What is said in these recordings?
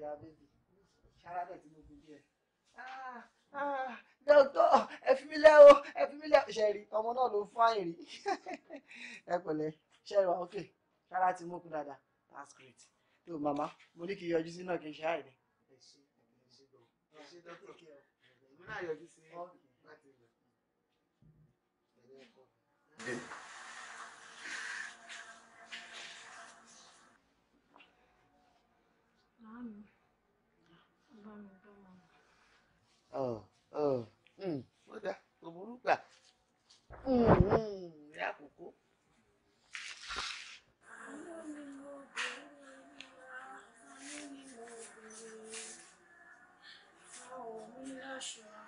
ìyá bèbí ṣara dẹ̀ tí mo gùn díẹ̀. Ah, ah, dókítà ẹ fi mí lẹ́ o ẹ fi mí lẹ́ o ṣẹ̀rí ọmọ ok ṣara ti mú kún that's great tó mama, mo ní kí n yọjú sí náà kí n ṣe ọ Sure.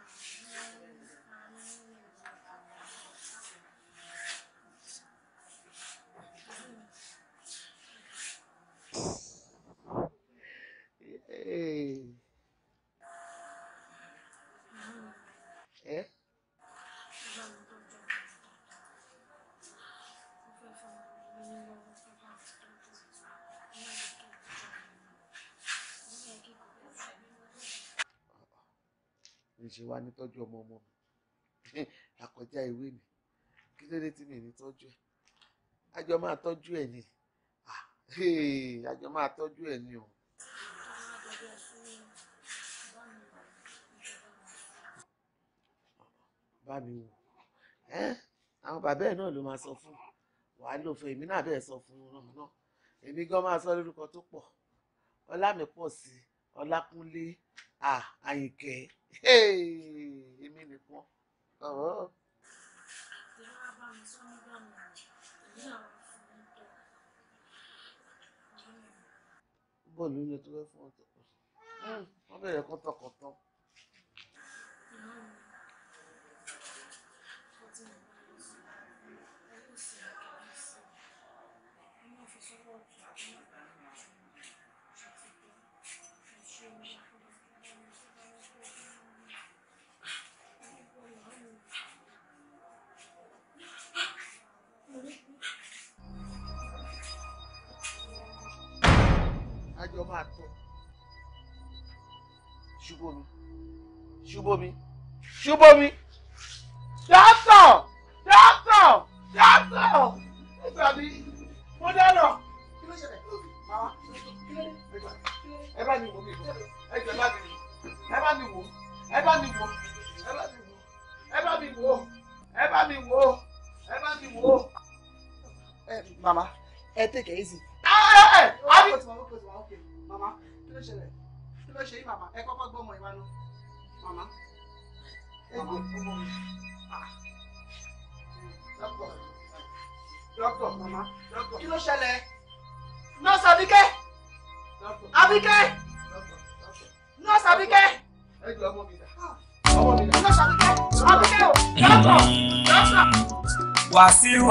ṣe wá nítọ́jú ọmọ ọmọ mi àkọjá ìwé mi kí ló dé tí mi ní tọ́jú ẹ̀ àjọ máa tọ́jú ẹ̀ ni àjọ máa tọ́jú ẹ̀ ni o. bá mi wò àwọn bàbá ẹ̀ náà ló máa sọ fún wàá lò fún èmi náà bẹ́ẹ̀ sọ fún un náà èmi gan máa sọ lórúkọ tó pọ̀ ọlá mi pọ̀ sí ọlákúnlé Ah, àyìnkẹ́ èmi nìkan. bọ́ọ̀lù ilé tó fẹ́ fún ọ̀tọ̀ hmm, wọ́n bẹ̀rẹ̀ kọ́tọ̀kọ́tọ̀. papọ̀. ṣubómi ṣubómi ṣubómi dọ́tọ̀ dọ́tọ̀ dọ́tọ̀ ìgbàgbé mo dáná kí ló ṣẹlẹ̀ màmá ẹ bá mi wò mí ẹ jẹ bá mi ẹ bá mi wò ẹ bá mi wò ẹ bá mi wò ẹ bá mi wò ẹ bá mi wò ẹ bá mi wò. màmá ẹ tẹ̀kẹ̀ ẹ́ sì.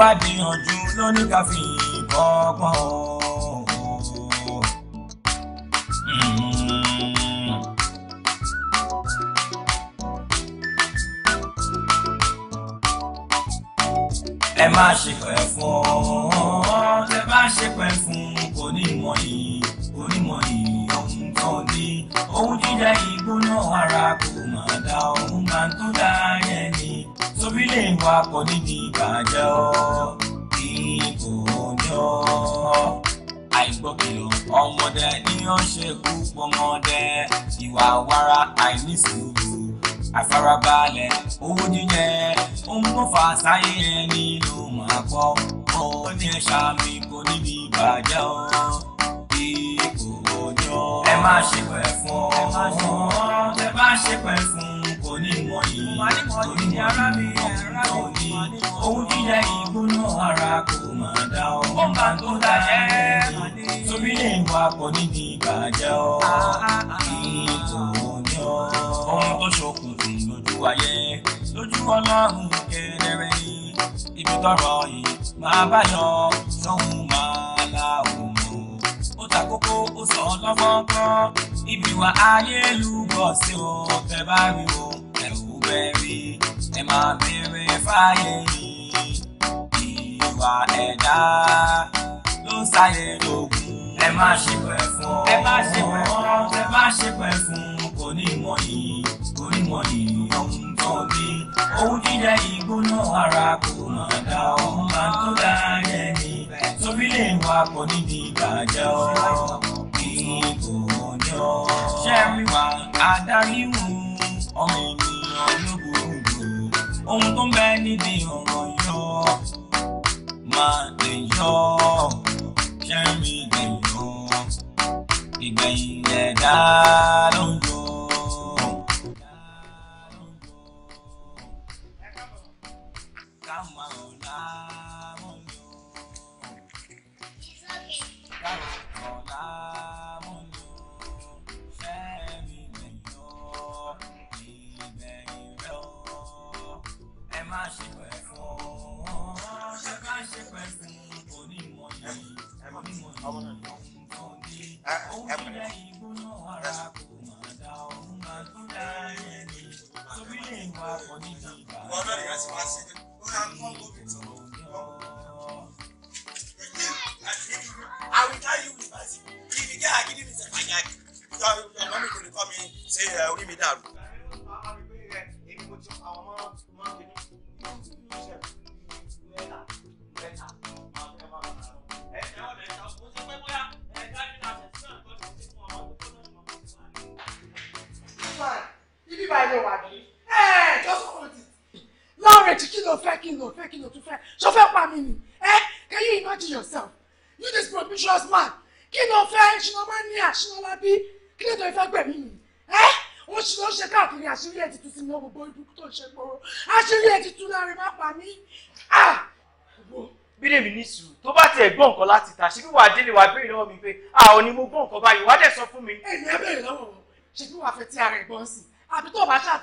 àdìyànjú lóní ká fi ìbọ̀gbọ̀n o. Hmm. ẹ má ṣe pẹ̀ fún ọ́ ẹ má ṣe pẹ̀ fún. kò ní ní ìbàjẹ́ ọ́ kí kò yọ àìgbọ́kìlọ̀ ọmọdé ní ọ̀ṣẹ́ kú pọ́mọdé ìwà wàrà àìní sùúrù àfarabalẹ̀ owó jíjẹ ohun tó fà sáyé ẹni ló máa pọ̀ ó ní ẹ̀ṣà mi kò ní ní ìbàjẹ́ ọ́ kí kò yọ ẹ má ṣe pẹ̀ fún ọ ẹ má ṣe pẹ̀ fún ọ onímọ̀ yìí onímọ̀ náà tó náà ní ohun jíjẹ ìgbóná ara kò máa dá ọ. ó máa tó dájẹ́ torí lè wà pọ̀ níbi ìbàjẹ́ ọ. Ah, ah, ah, ètò ní ọ. ohun tó ṣokùnfùn lójú ayé lójú ọlọ́run kẹrẹrẹ ibi tọrọ yìí máa bá yọ sọ́hun máa la òun ó ta ó sọ lọ́fọ́nkọ́ ibi wà ayélujára bá rí o rere ẹ máa bèrè fáyé yìí ìwà ẹ̀dá ló ń sáyé lógun. ẹ má ṣìpẹ̀ fún ẹ má ṣìpẹ̀ fún ẹ má ṣìpẹ̀ fún kò ní mọ̀ yìí kò ní mọ̀ yìí ohun tó bí ohun jíjẹ ìgbóná ara kò mọ̀ dá ohun máa tó dá yẹ ni torí lè wà pọ̀ níbi ìbàjẹ́ ọ́ ìgbòho ni ọ́ ṣẹ́rí wa adarí wù ọmọ ènìyàn lúgbòlúgbò ohun tó ń bẹ nídìí ọ̀rọ̀ yọ máa lè yọ kẹ́mi lè yọ ìgbẹ̀yìn ẹ̀dá ló ń. pa mí. Ah! bídèmí ní sùúrù tó bá tiẹ̀ gbọ́ nǹkan láti ta ṣíbí wàá délé wàá béèrè lọ́wọ́ mi pé àwọn ah, ni mo gbọ́ nǹkan báyìí wàá dẹ̀ sọ fún mi. ẹ̀yin ẹ béèrè lọ́wọ́ wọn ṣíbí wàá fẹ́ tí ara ẹ̀ gbọ́n sí àbí tó bá ṣáà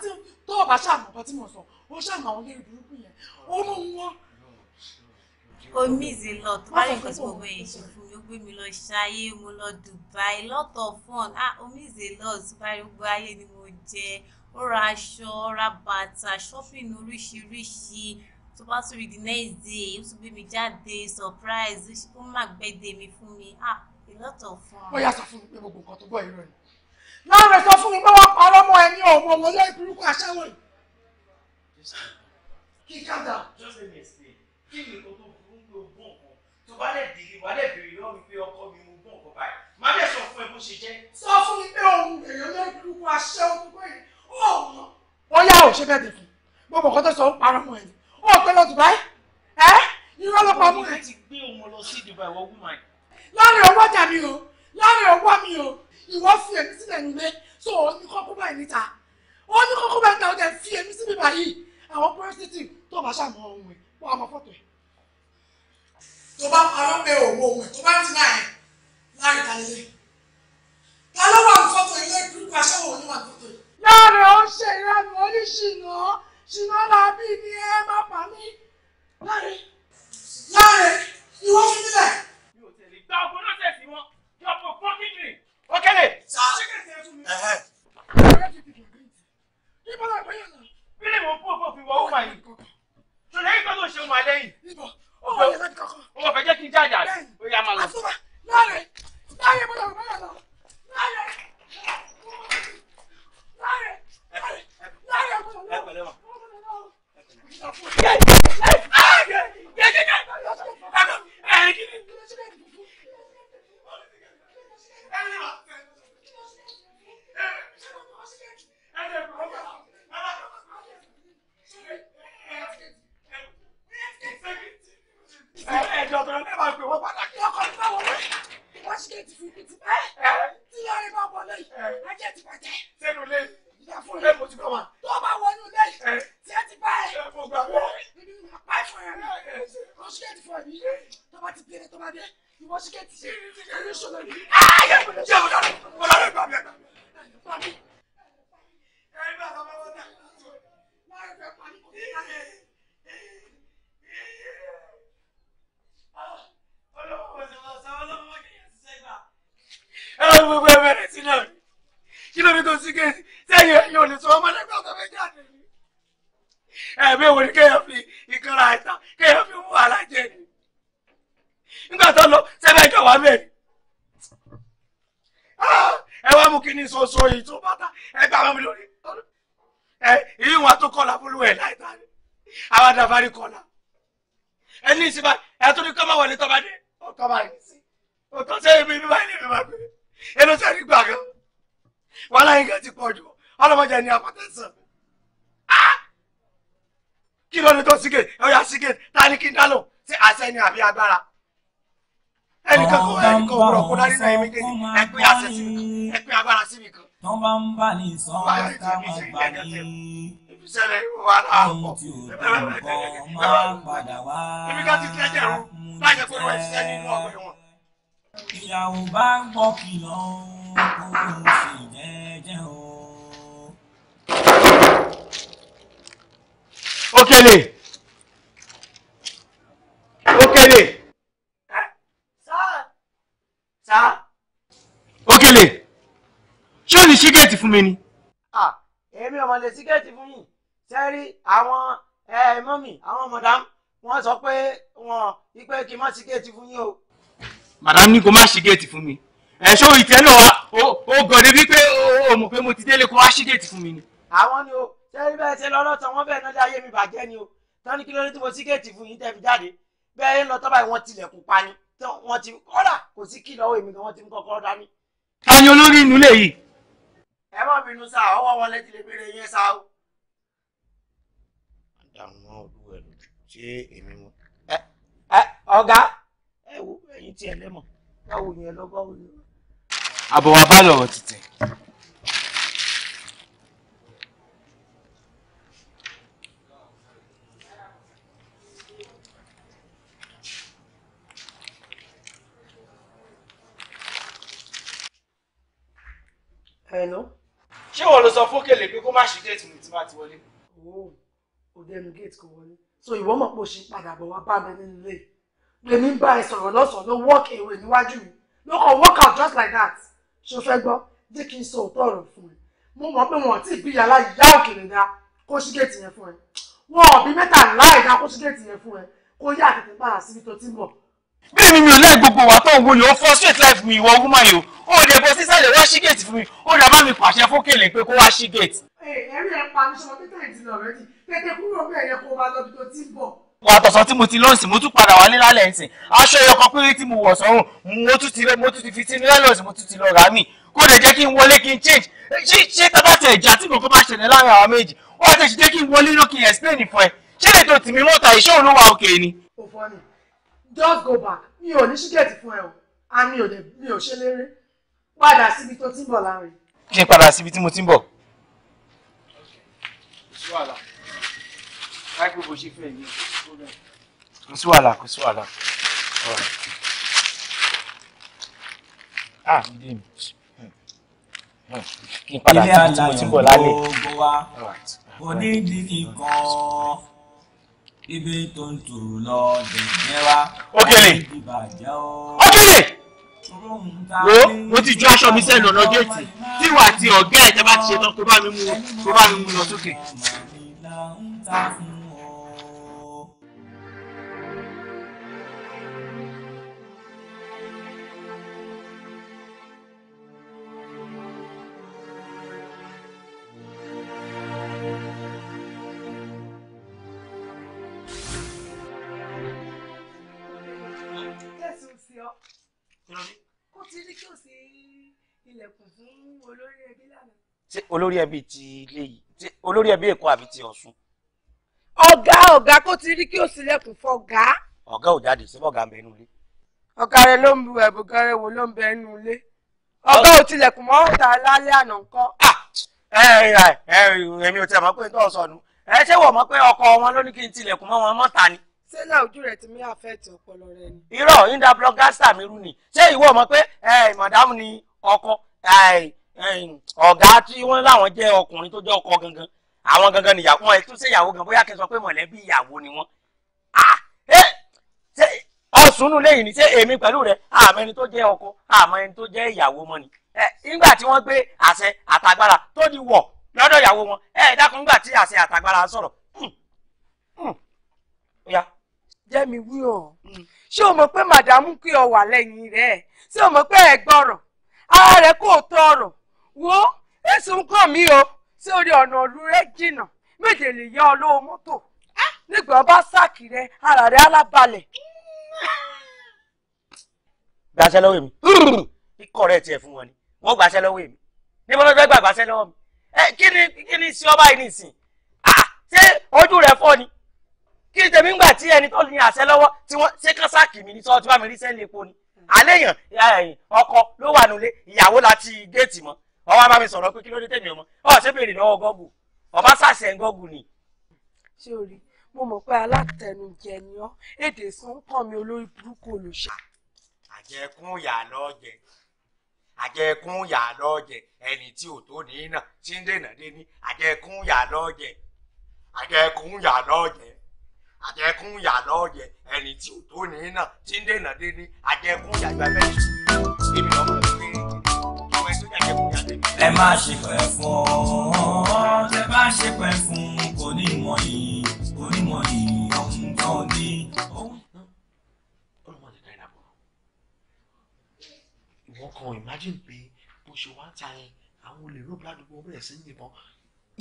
tó bá ṣáà mọ̀ nǹkan tí mo sọ ó ṣáà mọ̀ àwọn lérí burúkú yẹn ó mú wọn. o miss a lot wáyé nǹkan tí gbogbo èyí ṣe fún mi ó gbé mi lọ ṣayé mo lọ Dubai lot of fun ah o miss a lot wáyé gbogbo ayé ni mo jẹ ó ra aṣọ ra bàtà shopping oríṣiríṣi tó bá tún rí the next day ó tún gbé mi jáde surprise ó má gbẹ́dẹ̀ mi fún mi ah a lot of fun. bóyá sọ fún mi pé gbogbo nǹkan tó gbọ́ ìrọ̀ ni láàrin sọ fún mi pé wọ́n parọ́ mọ́ ẹni ọ̀mọ́ ọmọ lẹ́yìn burúkú aṣáwọ̀ yìí. kí kàdà. just a mistake kí ni kò tó burú pé o gbọ́n tó bá lè dìrí wà lè béèrè lọ́wọ́ mi pé ọkọ mi mo gbọ́n kan báyìí má lè sọ fún ẹ bó ṣe jẹ́. sọ fún mi pé òun wọ́n yá ò ṣe bẹ́ẹ̀ dẹ̀ fún gbogbo nǹkan tó sọ ń parọ́ mọ́ ẹ̀ ó pẹ́ lọ Dubai ẹ́ irọ́ ló pa mọ́ ẹ̀. ti ọwọ́ jà mí o láàrin ọwọ́ mi o ìwọ fi èmi sílẹ̀ nílé so ó ní kọ́kọ́ báyìí níta ó ní kọ́kọ́ báyìí níta ó dẹ̀ fi èmi síbi báyìí àwọn pírẹ́sìtì tó bá ṣàmọ́ ohun ẹ̀ wọ́n á fọ́tò ẹ̀. tó bá parọ́ pé òun òun ẹ̀ tó bá ń tì náà ẹ̀ láàrin kalẹ́lẹ́ mi ni ẹ má pa mí láre láre ni wọ́n fi mi ò tẹ̀lé gba ọkọ náà tẹ̀sí wọn yọ ọkọ fún kíndìnrín ọkẹlẹ. sá ìbọn àgbẹ̀ yẹn lọ. bílẹ̀ mọ̀ fún òfin wọ ọmọ yìí ṣọlá yìí kan tó ṣe ọmọ alẹ́ yìí. ìbọn ọmọ yẹn láti kọ́kọ́. ọmọ fẹ́ jẹ́ kí n jáde àná ó yá máa lọ. Sẹ́nu lé. àbí tó bá ti bẹ̀rẹ̀ tó bá bẹ̀rẹ̀ ẹ̀mí wo ni kéèyàn fi ìkanra àìsàn kéèyàn fi wú alájẹ ni nígbà tó lọ sẹ́fẹ̀ jọ wá bẹ́ẹ̀. Ah, ẹ wá mú kí ni soso yìí tó bàtà ẹ gbà wọn mi lórí ẹ ìyí wọn tó kọlà fúlù ẹ láì tán àwọn àdàbárí kọlà ẹ ní ìsinmi ẹ tó ní kọ́mọ wọlé tọ́ba dé ọ̀tọ́ba yìí sí ọ̀tọ́ sẹ́yìn mi bíbá ilé mi máa gbé ẹnu sẹ́yìn gbà kan wọn láyé nǹkan ti pọ̀ jù ọlọ́mọdé ni àpàtẹ́sán ah! kí ló ní tó sígè ọ̀yà sígè ta ni kí n dá lò ṣé àṣẹ ni àbí agbára ẹnìkan kò ẹnìkan ò kó dání náà èmi kéde ẹpin àṣẹ síbi kan ẹpin agbára síbi kan. tó bá ń bà ní sàn ká má gbà ní. ìfisẹ́lẹ̀ wà á pọ̀ ẹ̀mí ká ti tẹ́ jẹ̀rú láyé pé wọ́n ṣiṣẹ́ nínú ọgbẹ́ wọn. ìyàwó bá ń gbọ́ kìlọ̀ kó o sì jẹ́jẹ́ o. Okele Okele. tíkẹ́ẹ̀tì fún mi ni. èmi ò mọ̀ lè tíkẹ́ẹ̀tì fún yín sẹ́rí àwọn mọ́mì àwọn mọ̀dám wọ́n sọ pé wọn ipe kí n má tíkẹ́ẹ̀tì fún yín o. màdám ní kó má tíkẹ́ẹ̀tì fún mi ẹ̀ ṣó ìtẹ́ náà wà ó gọ̀dẹ̀ bíi pé ó mọ̀ pé mo ti délé kó wá tíkẹ́ẹ̀tì fún mi ni. àwọn ni o sẹ́rí bẹ́ẹ̀ ṣe lọ́lọ́tàn wọ́n bẹ́ẹ̀ náà dé ayé mi bàjẹ́ ni o tani kí ló dé tí mo tíkẹ́ẹ̀tì fún yín tẹ́ fi jáde bẹ́ẹ̀ lọ tọ́ba ìwọ̀n tilẹ̀kùn pa ni wọ́n wọ́n ti ń ẹ má bínú sá ọwọ́ wọn lẹ́tí lè béèrè yẹn sá o. àdàmú náà olúwẹ̀ lójú ṣé èmi mọ. ọ̀gá ẹ wo ẹ̀yin tí ẹ lẹ́mọ̀ báwo yẹn lọ́gọ́ wo yẹn. àbọ̀ wa bá lọ̀rọ̀ títì. Hello ṣé wọn lọ sọ fún kèlè pé kó má ṣí géètì mi tí má ti wọlé. o ò dẹnu géètì kò wọlé so ìwọ mọ̀ pé o ṣì padà bọ̀ wá bá mi nínú ilé lèmi ń bá ẹ sọ̀rọ̀ lọ́sàn-án ló walk away níwájú mi ló kàn walk out just like that ṣo fẹ́ gbọ́ jẹ́ kí n sọ òótọ́ ọ̀rọ̀ fún ẹ mo mọ̀ pé wọn ò tí ì bí yàrá ìyá òkèlè dá kó ṣí géètì yẹn fún ẹ wọn ò bí mẹ́ta láì dá kó ṣí géètì yẹn fún ẹ kó yá àtẹ̀tẹ̀ padà síbi tó ti ń bọ̀ bẹ́ẹ̀ ni mi ò láì gbogbo wa tó ń wo ni ó frustrate life mi ìwọ woman yìí o ò dẹ̀ bọ́ sísàlẹ̀ wá sí gate fún mi ó dà bá mi pàṣẹ fókèlè pé kó wá sí gate. ẹ̀rí ẹ̀ pa mi sọ pé tẹ̀yìn lọ rẹ́ tètè kúrò bẹ́ẹ̀ yẹ kó máa lọ bí tó ti ń bọ̀. wàtọ̀sọ̀ tí mo ti lọ́ọ̀sì mo tún padà wálé lálẹ́ ẹ̀sìn aṣọ ẹyọkan péré tí mo wọ̀ sọ́run mo tún ti fi sínú lẹ́lọ́ọ̀sì mo tún ti lọ rà mí kó lè jẹ́ kí n wọlé kí n change ṣé ṣé tábà ìjà tí kò kọ́ just go back mi ò ní ṣíkẹ́ẹ̀tì fún ẹ o a mi ò dẹ̀ mi ò ṣe léré padà síbi tó ti ń bọ̀ láàrin. kí n padà síbi tí mo ti ń bọ̀. kò sí wàhálà kò sí wàhálà ah ilé mi kí n padà síbi tí mo ti ń bọ̀ lálẹ́. ilé àlàyé gbogbo wa onídìí kan ibi tó ń tò lọ dẹ̀gbẹ́ wa. Òkèlè Òkèlè wo mo ti ju aṣọ mi sẹ́nu ọ̀nà géètì tí wà á ti ọ̀gá ẹ̀ tẹ́ bá ti ṣe tán kó bá mi mú lọ sókè. ó ti rí kí o sí ilẹ̀kùn fún olórí ẹbí lánàá. ṣé olórí ẹbí ti ilé yìí ṣé olórí ẹbí èkó àbí ti ọ̀ṣun. ọ̀gá ọ̀gá kó ti rí kí o sí ilẹ̀kùn fún ọ̀gá. ọ̀gá ò jáde síbọ̀ ọ̀gá ń bẹ inú ilé. ọ̀gá rẹ ló ń bu ẹ̀bùn gan rẹ wò ló ń bẹ inú ilé. ọ̀gá ò tilẹ̀kùn mọ́ ọ̀tà lálẹ́ àná ńkọ́. Ah! èmi ò tiẹ̀ mọ̀ pé tó sọnù ẹ ṣé wọ̀ mọ̀ pé ọkọ wọn ló ní kí n tilẹ̀kùn mọ́ wọn mọ́ta ni sẹ́lá ojú rẹ̀ ti mí àfẹ́ẹ̀tì ọpọlọ rẹ ni. irọ́ inda blockbuster mi rú ni ṣé ìwọ mọ̀ pé madam ni ọkọ ọ̀gá tí wọ́n láwọn jẹ́ ọkùnrin tó jẹ́ ọkọ gangan àwọn gangan nìyàwó ẹ̀ tún ṣèyàwó gan bóyá kẹsàn pé mọ̀lẹ́bí ìyàwó ni wọ́n. ọ̀sùnú lẹ́yìn ni ṣé èmi pẹ̀lú rẹ̀ àmọ́ ẹni tó jẹ́ ọkọ àmọ́ ẹni tó jẹ́ ìyàwó mọ́ ni. nígbà tí wọ́n gbé àṣẹ àtàgbára tó di wọ̀ lọ́dọ̀ ìyàwó wọn ẹ̀ dákun nígbà tí àṣẹ àtàgbára sọ̀rọ̀ hmm. Hmm jẹ́ mi wí ọ̀ mm. ṣé o mọ̀ pé màdàmú kí ọ wà lẹ́yìn rẹ̀ ṣé o mọ̀ pé ẹ gbọ́rọ̀ ara rẹ̀ kò tọ ọ̀rọ̀ wo èsùn kàn mí o ṣé orí ọ̀nà ọ̀lú rẹ̀ jìnnà méje lè yá ọ lówó mọ́tò ah! nígbà ọba sáàkì rẹ̀ ara rẹ̀ alábalẹ̀. gbàṣẹ lọ́wọ́ mi ikọ̀ rẹ̀ tiẹ̀ fún wọn ni wọ́n gbàṣẹ lọ́wọ́ mi níbo ló fẹ́ gbà gbàṣẹ lọ́wọ́ mi kí ni kí ni sí ọba yìí nìsín ah! ṣé ojú rẹ̀ fọ́ ni kí ni tèmi ń gbà tí ẹni tó ní àṣẹ lọ́wọ́ tí wọ́n ṣe kán sáàkì mi ní sọ́ọ́ tí bá mi rí sẹ́ẹ̀lì epo ni hmm. àléèyàn ọkọ ló wà nulẹ̀ ìyàwó láti géètì mọ́ ọwọ́ bá mi sọ̀rọ̀ pé kí ló dé tèmi ọmọ ọ̀ ṣe béèrè lọ́wọ́ gọ́gù ọba sàṣẹ gọ́gù ni. ṣé o rí mo mọ̀ pé alátẹnujẹ ni ọ́ èdè sọ́ńkàn mi olórí burúkú olùṣà. àjẹkùn yà lọ́jẹ̀ àjẹkùn yà lọ́jẹ̀ ẹni tí ò tó ní náà tí ń dènà dé ní àjẹkùn yà lọ́jẹ̀ àjẹkùn yà lọ́jẹ̀ àjẹkùn yà lọ́ọ̀yẹ ẹni tí ò tó ní náà tí ń dènà dé ní àjẹkùn yà gba bẹ́ẹ̀ jù èmi lọ́mọ ọmọ ẹjọ́ àjẹkùn yà ẹ má ṣe pẹ́ fún ọ tẹ bá ṣe pẹ́ fún kò ní mọ̀ yìí kò ní mọ̀ yìí ọ̀hún tó ní. wọ́n kan imagine pé bó ṣe wá ta ẹ àwọn olè ló bá dùgbò bẹ̀rẹ̀ sí yìnbọn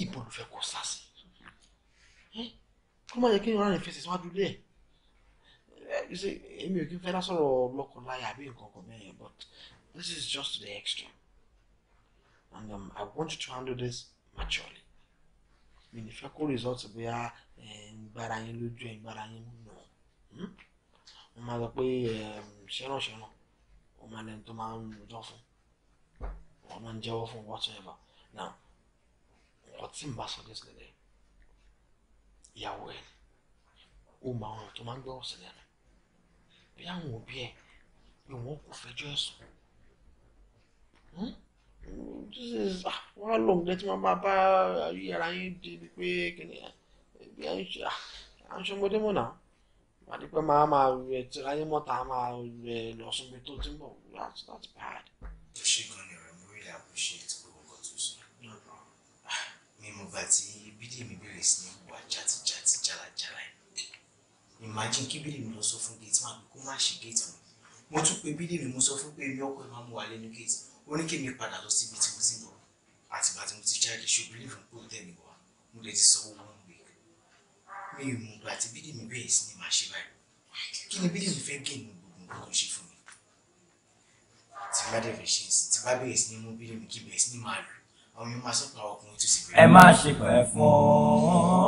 ìbọn ló fẹ́ kó sá sí kó má jẹ́ kí ìran rẹ̀ fẹsẹ̀ síwájú lé ẹ̀ eh, you see èmi ò kí n fẹ́ lásọ̀rọ̀ lọ́kàn láyà àbí nǹkan kan mẹ́rin but this is just the extra. and um, I want you to handle this maturely mi ní fẹ́ kó result bóyá eh, gbára yín lójú ẹ̀ gbára yín nù wọ́n hmm? máa sọ pé eh, ṣẹ́ràn ṣẹ́ràn wọ́n máa lẹ́nu tó máa ń lọ fún wọ́n máa ń jẹ́wọ́ fún whatever now nǹkan tí n bá sọ dé sílẹ̀ lẹ́yìn ìyàwó ẹ̀ ó mọ àwọn tó máa ń gbọ́rọ̀ sí lẹ́nu bí àwọn òbí ẹ̀ pé wọ́n kò fẹjọ́ ẹ̀ sùn wọ́n lò ń gbé tí bá bá yàrá yín di pé kìnì bí à ń ṣe ah, à ń ṣe ọmọdé mọ̀ máa máa tíra yín mọ́ta máa rẹ̀ lọ sóbi tó ti ń bọ̀ that's not bad. tó ṣe gan ni ọ̀rẹ́ mo really appreciate gbogbo nǹkan tó sọ. Ah, mi mo gbà tí bídèmí bẹ̀rẹ̀ sí ní imagine kí bídè mi lọ sọ fún gate man kó má ṣe gate mi mo tún pe bídè mi mo sọ fún pé mi ọkọ ẹ máa mú wa lẹ́nu gate ó ní kí mi padà lọ síbi tí mo ti ń bọ̀ àtìgbà mo ti jáde ṣó believe in kó tẹ̀lé wa mo lè ti sọ owó wọn gbé mi ò mú ìgbà tí bídè mi bẹ̀rẹ̀ sí ni màá ṣe báyìí kí ni bídè mi fẹ́ gé ní gbogbo nǹkan tó ṣe fún mi tí bá dẹ̀ fẹ́ ṣe é sí tí bá bẹ̀rẹ̀ sí ni mo bídè mi kí bẹ̀rẹ̀ sí ni màá lò àwọn yóò máa sọ pé àwọn ọkùnrin tó sì fẹ́. ẹ má ṣe pẹ́ fún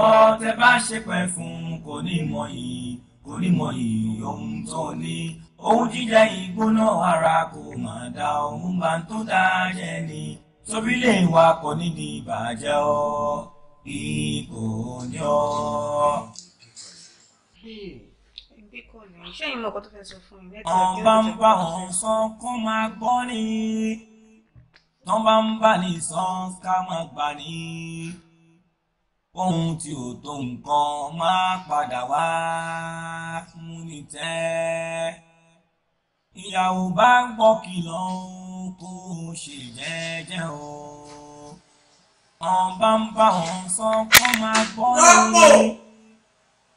ọ tẹ bá ṣe pẹ́ fún kò ní mọ yìí kò ní mọ yìí ohun tó ní ohun jíjẹ ìgbóná ara kò mà dá ohun bá ń tó dáa ni torí lè wà kọ níbi ìbàjẹ́ ọ ipò yọ. ṣé ìmọ̀ ń bá ọ̀n sọ kó máa gbọ́ ni tán bá ń bà ní sàn ká má gbà ní. ohun tí ò tó nǹkan máa padà wá fún ní tẹ́. ìyàwó bá gbọ́ kìlọ̀ kó ṣe jẹ́jẹ́ o. wọ́n bá ń bá wọn sọ kó máa gbọ́ ní.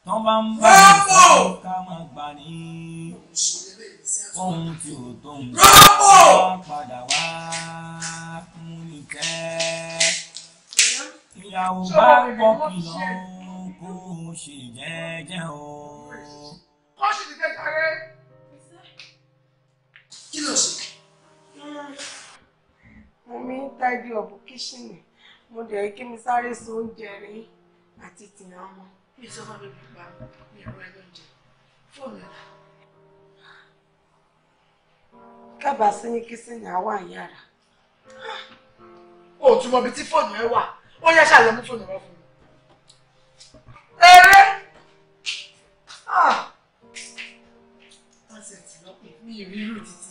tán bá ń bà ní sàn ká má gbà ní ohun tí ò tó nǹkan wọ́n padà wá fún nìkẹ́. ìyàwó bá pọ̀ kìlọ̀ kó o ṣe jẹ́jẹ́ o. kọ́ sì ti tẹ́ta rẹ. kí ló ṣe. mo mi ń tàbí ọ̀bù kíṣìnì mo dẹ̀ kí mi sáré so oúnjẹ rí àti tìǹà ọmọ. mi sọ fún mi bàbá mi ìrora ló ń jẹ fóònù ẹ̀ka. dábàá sí ní kí sìn yà wà yàrá. o tún mọ ibi tí fóònù rẹ wà ó yẹ ṣàlẹ mú fóònù rẹ fún mi. eré wọ́n sì ti lọ́pẹ́ mi ìrírù títí.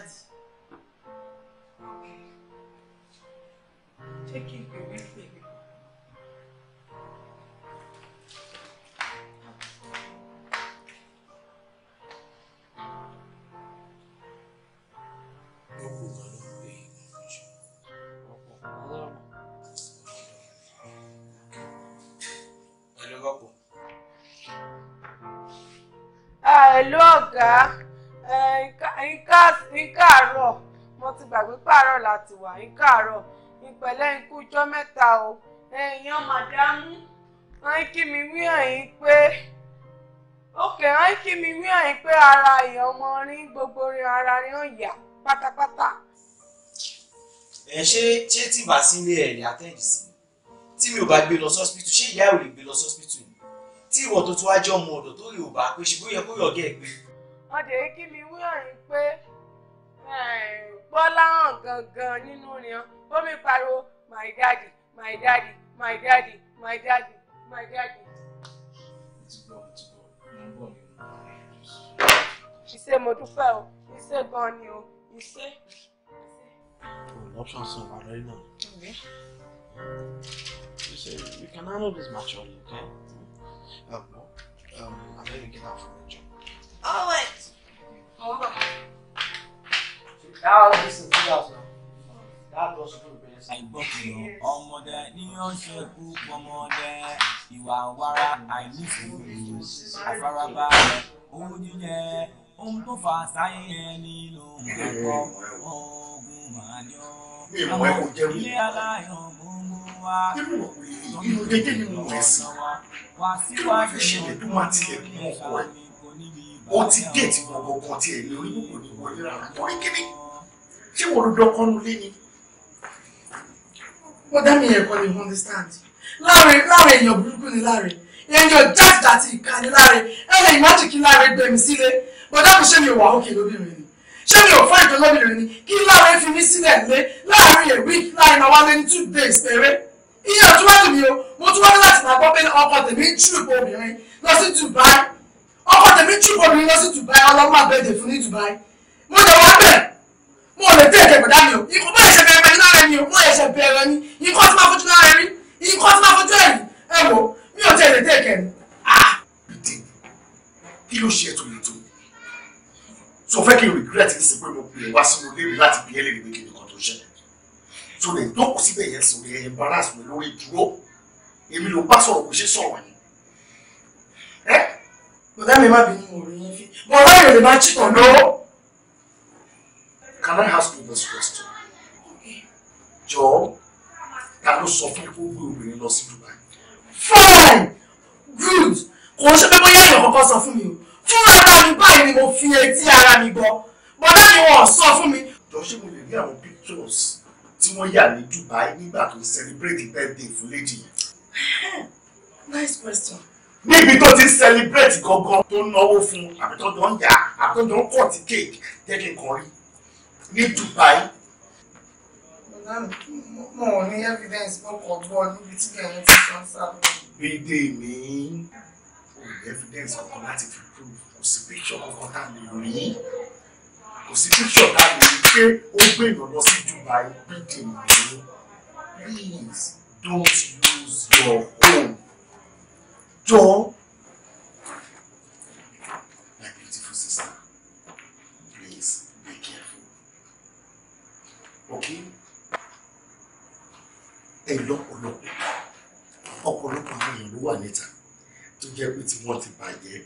gods wà ń káàárọ̀ ìpẹ̀lẹ́ ikú jọ́ mẹ́ta o ẹ̀yàn màdámù wọ́n kí mi wí ẹ̀yìn pé òkè wọ́n kí mi wí ẹ̀yìn pé ara èèyàn ọmọ rin gbogbo rin ara rin ó pátápátá. ẹ ṣe ṣé tí màá sí ilé ẹ ní àtẹ́jì sí tí mi ò bá gbé lọ sọ́spítù ṣé ìyá ò lè gbé lọ sọ́spítù ni tí ìwọ tó tún wá jẹ́ ọmọ ọ̀dọ̀ tó lè ò bá pé ṣe bóyá kó yọ̀gẹ́ ẹ pé. wọ́n dẹ̀ kí mi wí ẹ̀yìn pé bọ́lá hàn gangan nínú rìn bómi pariwo my daddy my daddy my daddy my daddy my daddy. ìṣe mo dúpẹ́ o ìṣe gan ni o ìṣe. Option song I already know. Okay. You say we can handle this maturely, okay? Um, um, I'm then we get out from the job. All right. Over. Now listen ọmọdé ní ó ń ṣekú pọmọdé ìwà wàrà àìníṣòro àfarabalẹ̀ ohun jíjẹ ohun tó fà sáyé ẹni ló ń kọ́ oògùn Ilé aláyọ̀ gbogbo wa inú dédé ni mo ẹ̀sìn kí ló máa fi ṣẹlẹ̀ tó máa tiẹ̀ mú ọkọ ẹ̀ ó ti déètì gbọ̀ngàn kan tiẹ̀ lórí kò ní wọlé rárá torí kíni ṣé wọ́n ló dọ́kọ́ nu lé ni wọ́n dá mi yẹn kọ́ ni you understand láàrin láàrin èèyàn burúkú ni láàrin èèyàn jàtìjàtì ìka ni láàrin ẹ̀yẹ ìmájì kí láàrin gbẹ̀mí sílé bọ́dá kò ṣe mi wà òkè lóbìnrin ni ṣé mi ò fọ́ ìjọ lóbìnrin ni kí láàrin fi mí sílẹ̀ lé láàrin a week láàrin àwọn alẹ́ ní two days péré iye òtúwájú mi o mo tún wáyé láti máa gbọ́ pé ọkọ tèmi ń tùbọ̀ obìnrin lọ sí Dubai ọkọ tèmi ń tùbọ̀ obìnrin lọ sí Dubai ọlọ́mọ àbẹ̀dẹ̀ fún ní Dubai mo jẹ̀ wá bẹ́ẹ̀ mo lè tẹ̀ ẹ̀kẹ́ gbọ̀dá mi o ikú bá ẹ̀ṣẹ̀ bẹ̀rẹ̀ pẹ̀lú ara mi o mo ẹ̀ṣẹ̀ bẹ̀rẹ̀ ni ikọ́ tí máa fojú lára rí ikọ́ tí máa fojú ẹ̀rí ẹ wò mi ò tẹ̀ lè tẹ̀ ẹ̀kẹ́ mi. bìtẹ́ kí ló ṣe ètò ètò sọ fẹ́ kí n regret ní sèpé mo pè é wá sínú léèrè láti bí ẹlẹ́rìí mi kí nìkan tó ṣẹlẹ̀ tó lè dọ́kù síbẹ̀ yẹn sọ yẹn embarrass mi lórí ìdúró èmi ló bá sọ̀rọ̀ kò ṣe sọ̀rọ̀ ni. ẹ bọ̀dá mi má bínú òòrùn yẹn fi bọ̀dá mi lè má chìtàn lọ́wọ́. Can I ask you this question? Jọ̀ọ́, ta ló sọ fún kó gbé obìnrin lọ sí Dubai? Fine! Good! Kò ṣe pé bóyá èèyàn kọ́kọ́ sọ fún mi o. Fúnra ara mi báyìí ni mo fi etí ara mi gbọ́. Bọ́dá ni wọ́n sọ fún mi. Jọ̀ọ́ ṣé mo lè rí àwọn pictures tí wọ́n yà ní Dubai nígbà tó ń celebrate birthday fún lady yẹn? Nice question níbi tó ti celebrate gangan tó náwó fún àbí tó jọ ń yà àbí tó jọ ń kọ̀ tí cake jẹ́ kí n kàn ní Dubai mo ò ní evidence mo kọ̀ gbọ́ níbi tí kẹ̀yìn ti sọ ń sábà. gbédè mi ò ní evidence kankan láti fi prove kò sí picture kankan tá a lè rí kò sí picture tá a lè rí pé ó gbé èèyàn sí Dubai gbédè mi please don't use your own jọ. ẹ lọ́pọ̀lọpọ̀ ọ̀pọ̀lọpọ̀ àwọn èèyàn ló wà níta tó jẹ́ pé tí wọ́n ti bàjẹ́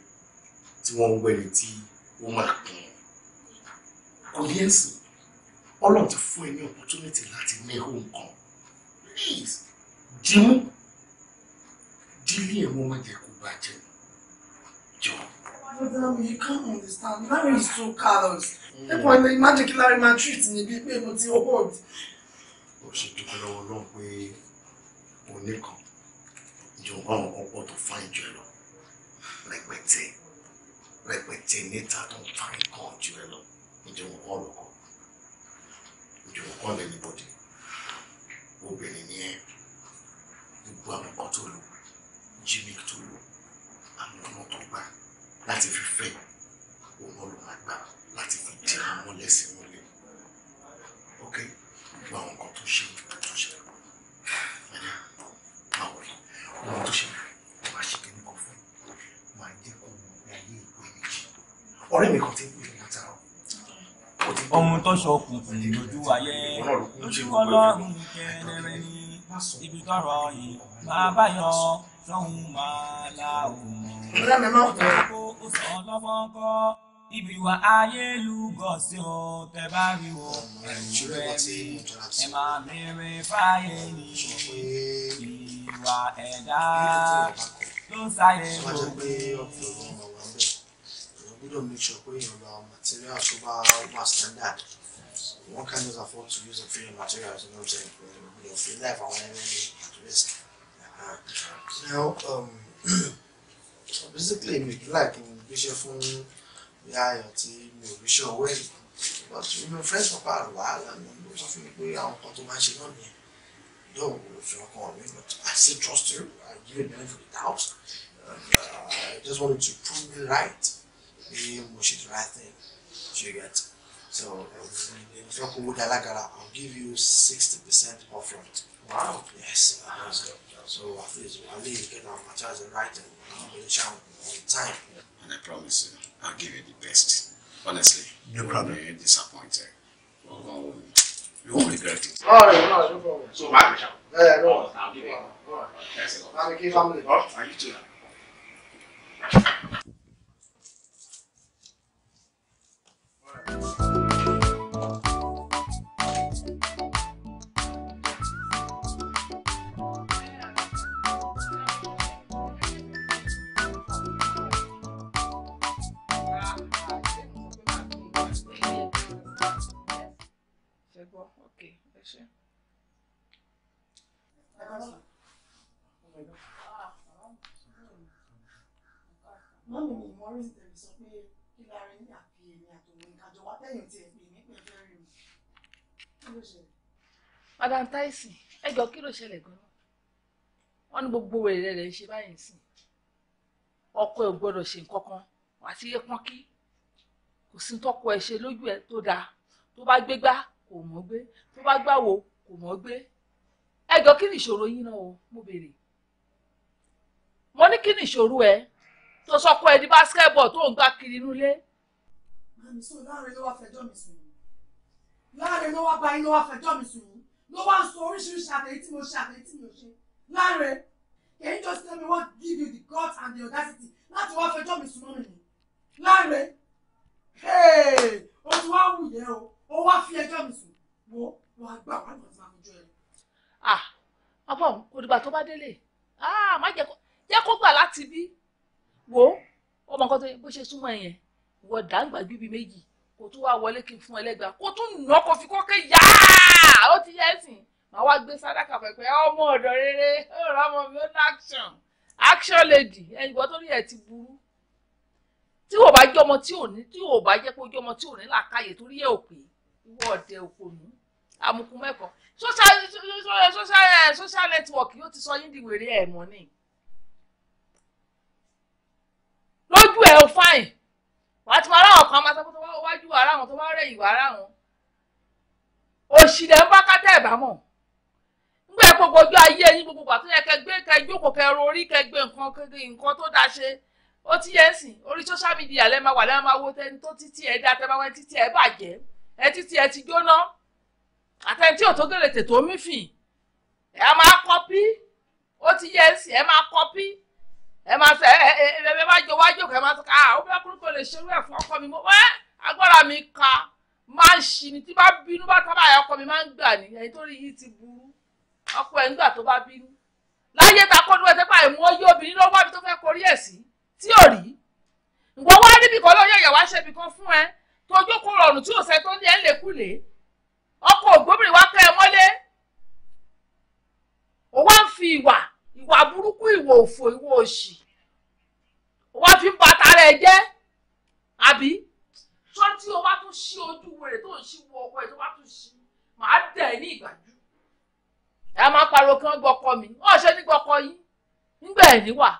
tí wọ́n ń wẹ̀rẹ̀ tí ó máa pọ̀ kò yẹ ẹ ọlọ́run ti fún ẹ ní opportunity láti ní ẹ̀hún nǹkan please jimú dílé ẹ̀wọ̀n má jẹ́ kó bàjẹ́ jọ. Madam, you can't understand. Larry is so callous. Ẹ kàn lè má jẹ́ kí Larry máa treat mi bíi pé mo hold ó sì dúpẹ́ lọ́wọ́ Ọlọ́run pé o nìkan ìjọ àwọn kan pọ̀ tó fáìn jù ẹ lọ rẹpẹtẹ rẹpẹtẹ níta tó ń fáìn kan jù ẹ lọ ìjọ wọn kọ́ lọ́kọ́ ìjọ wọn kọ́ lẹ́nu bọ́dẹ obìnrin ni ẹ gbogbo àwọn kan tó lò jimmy tó lò àwọn ọmọ tó gbà láti fi fẹ́ òun ọlọ́run àgbà láti fi dí àwọn lẹ́sìn wọlé okay gba nǹkan tó ṣe nǹkan tó ṣe ẹ̀dá máa wọ̀ yìí ohun tó ṣe máa ṣe kíní kan fún máa jẹ́ kó mọ̀ ní ayé ìpò méjì ọ̀rẹ́ mi kan tó sọ òkùnkùn lójú ayé lójú ọlọ́run kẹrẹrẹ ni ibi tọrọ yìí máa bá yọ lọ́hùn máa la òun. ìrẹ́mi máa ń pọ̀. sọ lọ́wọ́ kọ́ ibi ayé lu gọ̀ọ́sì o tẹ bá máa bèrè fáyé ní ìwà ẹ̀dá ló ń sáyé gbogbo gbọ́dọ̀ make sure pé èèyàn lọ material tó bá standard one can just afford to use inferior materials you know say gbọ́dọ̀ fi life àwọn ẹlẹ́ni at risk. Uh-huh. now um, basically mi like gbéṣẹ́ fún bóyá ayọ̀ tí mi ò rí ṣe ọwọ́ ẹ̀ but inú friends papa rò wàhálà mi ló sọ fún mi pé àwọn nǹkan tó máa ń ṣe náà nìyẹn yóò wò fi ọkàn mi but I still trust you I give you the benefit of the doubt and uh, I just wanted to prove me right pé mo ṣe the right thing ṣe get so ìfẹ́ um, kó wó dálágara I'll give you sixty percent upfront. Wow. Yes. Uh, so at least Wale get our materials in writing. I'll be in on time. And I promise you. I'll give you the best. Honestly, no you problem. won't be disappointed. you won't regret it. All right, no, no problem. So, my pleasure. Yeah, no. I'll give you. All right. Thanks a lot. family. Oh, are you too? All right. reason tẹ̀mí sọ pé kí láàrin ní àfi èmi àtòun ìkàjọ wa tẹ̀yìn tiẹ̀ pè mí pẹ̀lú ẹ̀rín mi kí ló ṣẹlẹ̀. madam taisi ẹ jọ kí ló ṣẹlẹ̀ gan-an wọ́n ní gbogbo èrè rẹ̀ ṣe báyìí sí ọkọ ẹ̀ gbọ́dọ̀ ṣe nǹkan kan wà á sí yé pọ́n kí kò sí tọ́kọ ẹ̀ ṣe lójú ẹ̀ tó dáa tó bá gbégbá kò mọ́ gbé tó bá gbàwò kò mọ́ gbé ẹ jọ kí ni ìṣòro yín náà o mo béèrè mo ní kí ni ìṣòro ẹ̀ tó sọkọ ẹ di basketball tó ń gbá kiri inú ilé. màmí sọ láàrin ló wá fẹjọ́ mi sùn láàrin ló wá bá yín ló wá fẹjọ́ mi sùn ló wá ń sọ oríṣiríṣi àtẹ̀yí tí mo ṣe àtẹ̀yí tí mi ò ṣe láàrin can you just tell me what give you the guts and the audacity láti wá fẹjọ́ mi sùn mọ́ mi ni láàrin o ti wá wù yẹn o o wá fi ẹjọ́ mi sùn wo wàá gbà wá lọ sí àwọn ojú ẹ. ah ọgbọ́n òdìgbà tó bá délé ah má jẹ́ kó gbà láti bí wo ọmọ nǹkan tó yẹ bó ṣe súnmọ́ ẹ yẹn wọ dàgbà bíbí méjì kò tún wá wọlé kí n fún ẹlẹ́gbàá kò tún nà kó fi kókè yá ó ti yẹ ẹ̀sìn màá wá gbé sádàkà pẹ̀pẹ́ ọmọ ọ̀dọ̀ rere ọmọ mi ó ní action action lady ẹnìgbọ́n tó rí ẹ̀ ti burú tí ò bá jẹ́ ọmọ tí ò ní tí ò bá jẹ́ pé ojú ọmọ tí ò ní làákàyè torí ẹ̀ ò ìwọ ọ̀dẹ òpònú amukun social social eh, social network yóò ti sọ yín di wèrè ẹ̀ mọ́ nìyí. lójú ẹ̀ ò fáìn wàá ti máa ráwọn kan máa sọ pé tó bá wájú wàá ráwọn tó bá rẹ̀yìn wàá ráwọn òṣìlẹ̀ ń bá kátà ẹ̀ bá mọ̀ nígbà gbogbo ojú ayé yín gbogbo gbà tó yẹ kẹ gbé kẹ jókòó kẹ rorí kẹ gbé nǹkan kẹ nǹkan tó dáa ṣe ó ti yẹn sìn orí social media lẹ́ẹ̀ máa wà lẹ́ẹ̀ máa wo tẹni tó títí ẹ̀ dá tẹ́ bá wẹ́ títí ẹ̀ bàjẹ́ ẹ títí ẹ ti jóná àtẹni tí ò tó gèrè tètò mí ẹ máa kọpí ó ti yẹn sìn ẹ máa kọpí ẹ máa agbára mi ka ṣì ní tí bá bínú bá tábà ọkọ mi máa ń gbà ní ẹni tó rí ọkọ ẹ nígbà tó bá bínú láyé ta kó ní obìnrin tó sí tí ò rí ìwọ wá níbi fún ẹ tójú kó rọrùn tí òsè tó ọkọ wá ẹ ìwà burúkú ìwà òfò ìwà òṣì wá fi ń bàtà rẹ jẹ́ àbí tó tí o bá tún ṣí ojú rẹ tó ń ṣí wọ ọkọ ẹ tó bá tún ṣí màá dẹ̀ ní ìgbàjú ẹ máa pariwo kí wọ́n gbọ́kọ mi wọ́n ṣe ní gbọ́kọ yín nígbà ẹ̀ níwà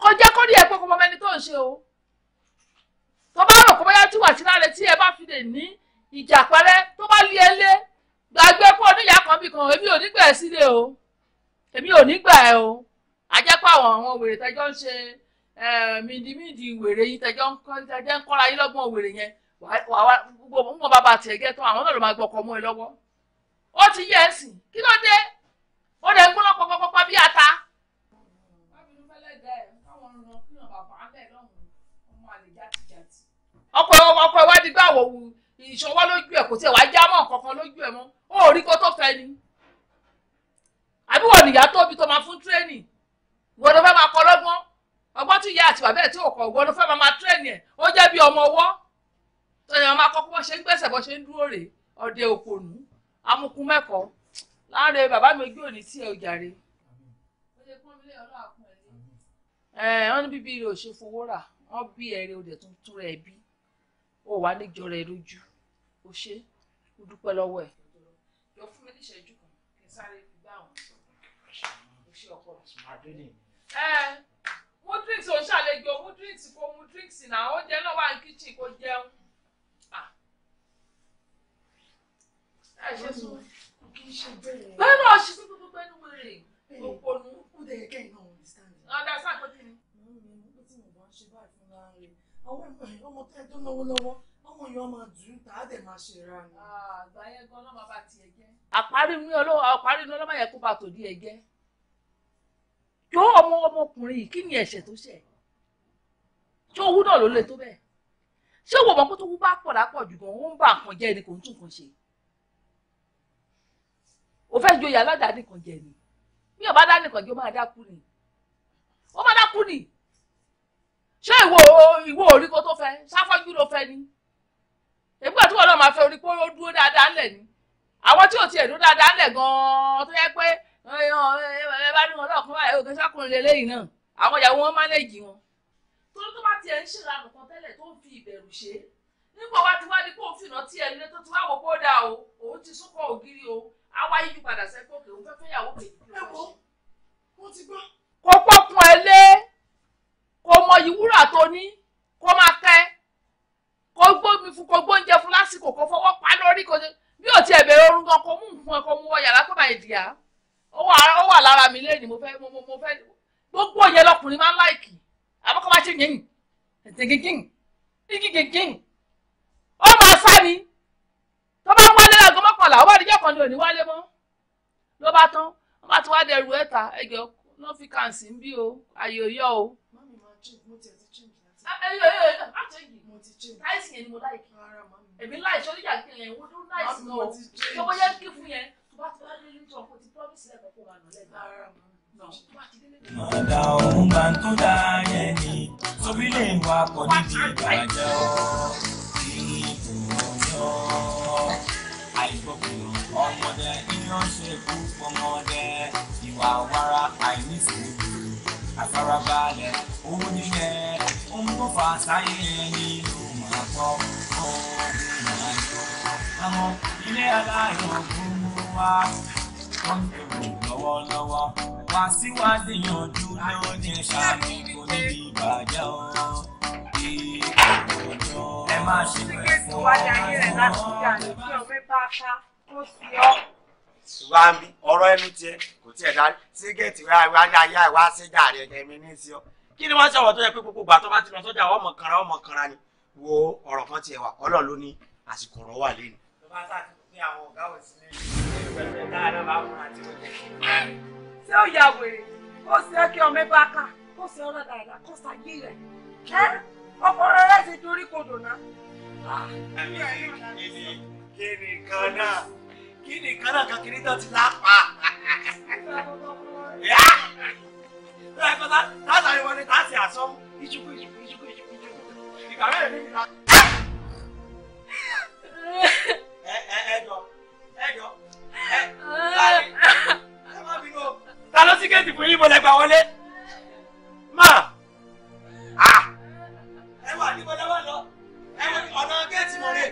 kò jẹ́ kó pé kò mọ tó ń ṣe o tó bá rò kó bóyá tí wà sí láre tí ẹ bá fi lè ní ìjà pẹrẹ tó bá lé ẹ lé gbàgbé pọ̀ níyà kan bì kan èmi ò nígbà ẹ̀ sílé o èmi ò ní gbà ẹ o àjẹpọ̀ àwọn àwọn wèrè tẹjọ́ ń ṣe mìdìmìdì wèrè yìí tẹjọ́ ń kọ́ra yín lọ́gbọ̀n wèrè yẹn gbogbo bàbá tiẹ̀ gẹ́ tán àwọn náà ló máa gbọ́kọ̀ mọ́ ẹ lọ́wọ́ ó ti yẹ ẹ sìn kí ló dé ó dẹ̀ ń gbóná pọpọpọpọ bí ata. ọkọ ọkọ ìwádìí gbà wọ ìṣọwọ́ lójú ẹ̀ kò tiẹ̀ wá já mọ́ nǹkan kan lójú ẹ̀ mọ́ ó rí kó tó fẹ́ ni àbí wọ́n nìyá tóbi tó máa fún tírénì ìwọ ló fẹ́ máa kọ́ lọ́gbọ́n ọgbọ́n tí ìyá àti bàbá ẹ̀ tí ò kọ́ ìwọ ló fẹ́ máa máa tírénì ẹ̀ ó jẹ́ bí ọmọ ọwọ́ tọ́jà máa kọ́ bọ́ ṣe ń gbẹ̀sẹ̀ bọ́ ṣe ń dúró rè ọdẹ òpònú amukun mẹ́kọ̀ọ́ láàrin bàbá mi gbé òní sí ọjà rè. ẹ wọ́n ní bíbí rẹ̀ ò ṣe fowó rà wọ́n bí ẹ̀rẹ̀ òdẹ̀ tuntun rẹ̀ bí ó wà níjọ rẹ̀ lójú ó ṣe ó dúpẹ́ lọ́wọ́ ẹ̀. yọ fún mi níṣẹ́jú kan kí n sáré ẹ mú drinks ò ń ṣàlejò mú drinks kò mú drinks náà oúnjẹ náà wà ní kitchen kò jẹun bẹ́ẹ̀ náà ṣe pé gbogbo ẹnu wèrè òpò nù. ó dẹ̀ kẹ́ iná wọn understand. ọ̀dà sáà ni. mo ń mú pé bá ń ṣe báyìí fún láàrin ọmọ tẹ́ tó náwó lọ́wọ́ àwọn èèyàn máa dùn tá a dẹ̀ máa ṣe ra ni. àgbà gan-an ló máa bá tiẹ̀ jẹ́. àparí ní ọlọ́mọ yẹn kó bá tòdí ẹ jẹ́ jọ ọmọ ọmọkùnrin yìí kí ni ẹ̀ṣẹ̀ tó ṣẹ̀ ṣé owó náà ló lè tó bẹ́ẹ̀ ṣé wò mọ́ pé tó wú bá pọ̀ lápọ̀ jù gan òun bá nǹkan jẹ́ ni kò ń tún kan ṣe ò fẹ́ joyè aládàá nìkan jẹ ni mi ò dá nìkan jẹ ó máa dákú ni ó máa dákú ni ṣé ìwọ ìwọ orí kó tó fẹ́ sáfọ́jú ló fẹ́ ni ègbà tí wọn náà máa fẹ́ orí kó dúró dáadáa lẹ̀ ni àwọn tí ò tiẹ̀ dúró dáadáa lẹ̀ gan-an tó yẹ pé ẹ bá ní wọn lọ́ọ̀kan báyìí òkè sákùnrin lélẹ́yìn náà àwọn ìyàwó wọn mánéèjì wọn. torí tó bá tiẹ̀ ń ṣèlànà kan tẹ́lẹ̀ tó ń fi ìbẹ̀rù ṣe nígbà wá ti wá ní kó o fìnà tí ẹni tó ti wá wò kó dáa o òun ti súnkọ ògiri o á wá yíjú padà sẹ́kọ̀ òkè òun fẹ́ fẹ́ yàwó kejì. ẹ wo mo ti gbọ́. kò pọ́kun ẹ lé kò mọ ìwúrà tó ní kò máa kẹ́ kò gbómi fún kò gbóúnjẹ fún lásìkò kò fọwọ́ pa lórí kò bí ò tiẹ̀ bẹ̀rẹ̀ orun gan kò mú nǹkan kò mú wọ yàrá kó máa dìyà ó wà ó wà lára mi lẹ́yìn mo fẹ́ mo mo fẹ́ gbogbo yẹn lọkùnrin máa ń láìkì àbúkọ́ máa ṣe yẹn ẹ̀sìnkìnkìn kíkìnkìn ó máa sá ni tó bá wọlé aago mọ́kànlá ó wà níjọ́ kan ní òní wálé mọ́ ló bá tán ó bá ti wá dẹrù ẹ̀ta ẹ̀jọ̀ ló fi kàǹsì ń bí o àyè òyọ́ o. mọ́mí máa ń tún mo tẹ̀ sí tún mi láti. ẹ̀yọ̀ ẹ̀yọ̀ ẹ̀yọ̀ Mọ̀dà òun bá ń tó dáyẹ ni torí lè wà pọ̀ níbi ìbàjẹ́ ọ́. Ìlú ọ̀yọ́ àìgbọ̀kùnrin ọmọdé iyán ṣe kú ọmọdé ìwà wàrà àìníṣòro àfarabalẹ̀ owó nílẹ̀ ohun tó fà sáyé ni ló máa ọ̀hún máa yọ. Àwọn ilé aláìlọ́gbọ̀n wá wọ́n ń lò wá síwájú yanjú náà ní sáré kò ní bí ìbàjẹ́ o. ẹ má ṣe pẹ̀ fún ọ. Wá mi, ọ̀rọ̀ ẹnu tiẹ̀ kò tiẹ̀ dá sígẹ̀tì wá wá ní ayé àìwá sígà rẹ̀ ẹ̀mí ní sí ọ. Kí ni wọ́n ṣọ̀wọ́ tó yẹ pé gbogbo ìgbà tó bá ti lọ sọ́jà ọmọ kanra ọmọ kanra ni? Wo ọ̀rọ̀ kan tiẹ̀ wà, Ọlọ́run ló ní àsìkò ọ̀rọ̀ wà lẹ́nu. Tó bá sáà ti pín àwọn ọ̀gá òsínlẹ̀ ṣé ó ya wèrè ó sì ẹ́ kí ọmọ ẹ bá ó sì ọ̀rọ̀ dáadáa kó ṣàyé rẹ̀ ẹ́ ọkọ rẹ̀ ti torí kodò náà. kí ni kan náà kí ni kan náà kakiri tó ti lápá. látàrí wọlé láti àsọmú ìjùkú ìjùkú ìjùkú ìjùkú ìjùkú ìgbà mẹ́rin níbi láti. ẹ ẹ ẹ jọ ẹ jọ ta ló sí géètì fún yín bọ́lẹ̀ gbà wọlé má ẹ wà ní bọ́lẹ̀ wà lọ ẹ wọ ọ̀nà géètì mọ̀rẹ́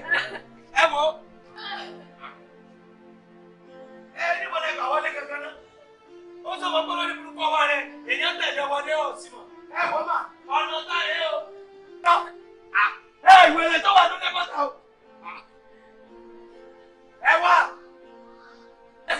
ẹ wọ ẹ ní bọ́lẹ̀ gbà wọlé kankan náà ó sọ fún kọ́lọ́ọ̀dì burúkú ọwọ́ rẹ èèyàn tẹ̀lé wọlé ọ̀sìn mọ̀ ẹ wọ má ọ̀nà táyé o ẹ ìwé rẹ tó wà lókè bọ́tà o ẹ wá. Ah,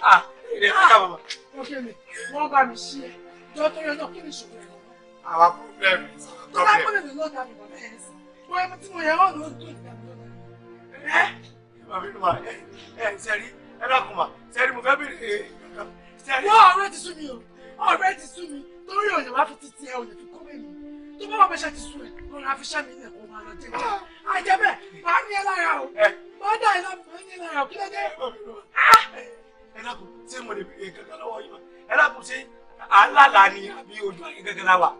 ah, wọ́n bá mi ṣí ẹ. Jọ́ tó yọ náà kí ni ìṣòro ẹ̀? our problem is our problem. tó bá gbọ́dọ̀ lọ lọ́dà mi bàbá yẹn sí wọ́n ẹni tí mo yẹ ọ́ ló ń tó ìgbà mi lọ́dà. ẹ bàbá mi mà ẹ ẹ sẹ́rí ẹ dákun mà sẹ́rí mo fẹ́ bèrè sẹ́rí. wọ́n ọ̀rẹ́ ti sú mi o ọ̀rẹ́ ti sú mi torí òyìnbó wá fi títí ẹ òyìnbó kọ́ mẹ́mi tó bá wà bẹ́ṣẹ́ ti sú ẹ lọ́ra fi ṣẹ́ mi ilẹ̀ kó máa lọ jẹ́ jẹ́ àjẹbẹ́ máa ní ẹ lára o máa dá ẹ lára máa ní ẹ lára o kí ló dé. ẹ dákun ṣé mo lè bèrè kankan lọ́wọ́ yìí ẹ dákun ṣé àlàlà ni àbí ojú ayé gẹ́gẹ́ la wà.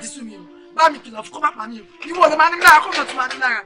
ti sú mi o bá mi kìlọ̀ fún kó má pa mí o ìwọ ló máa ní lára kó mọ̀ tún máa ní lára.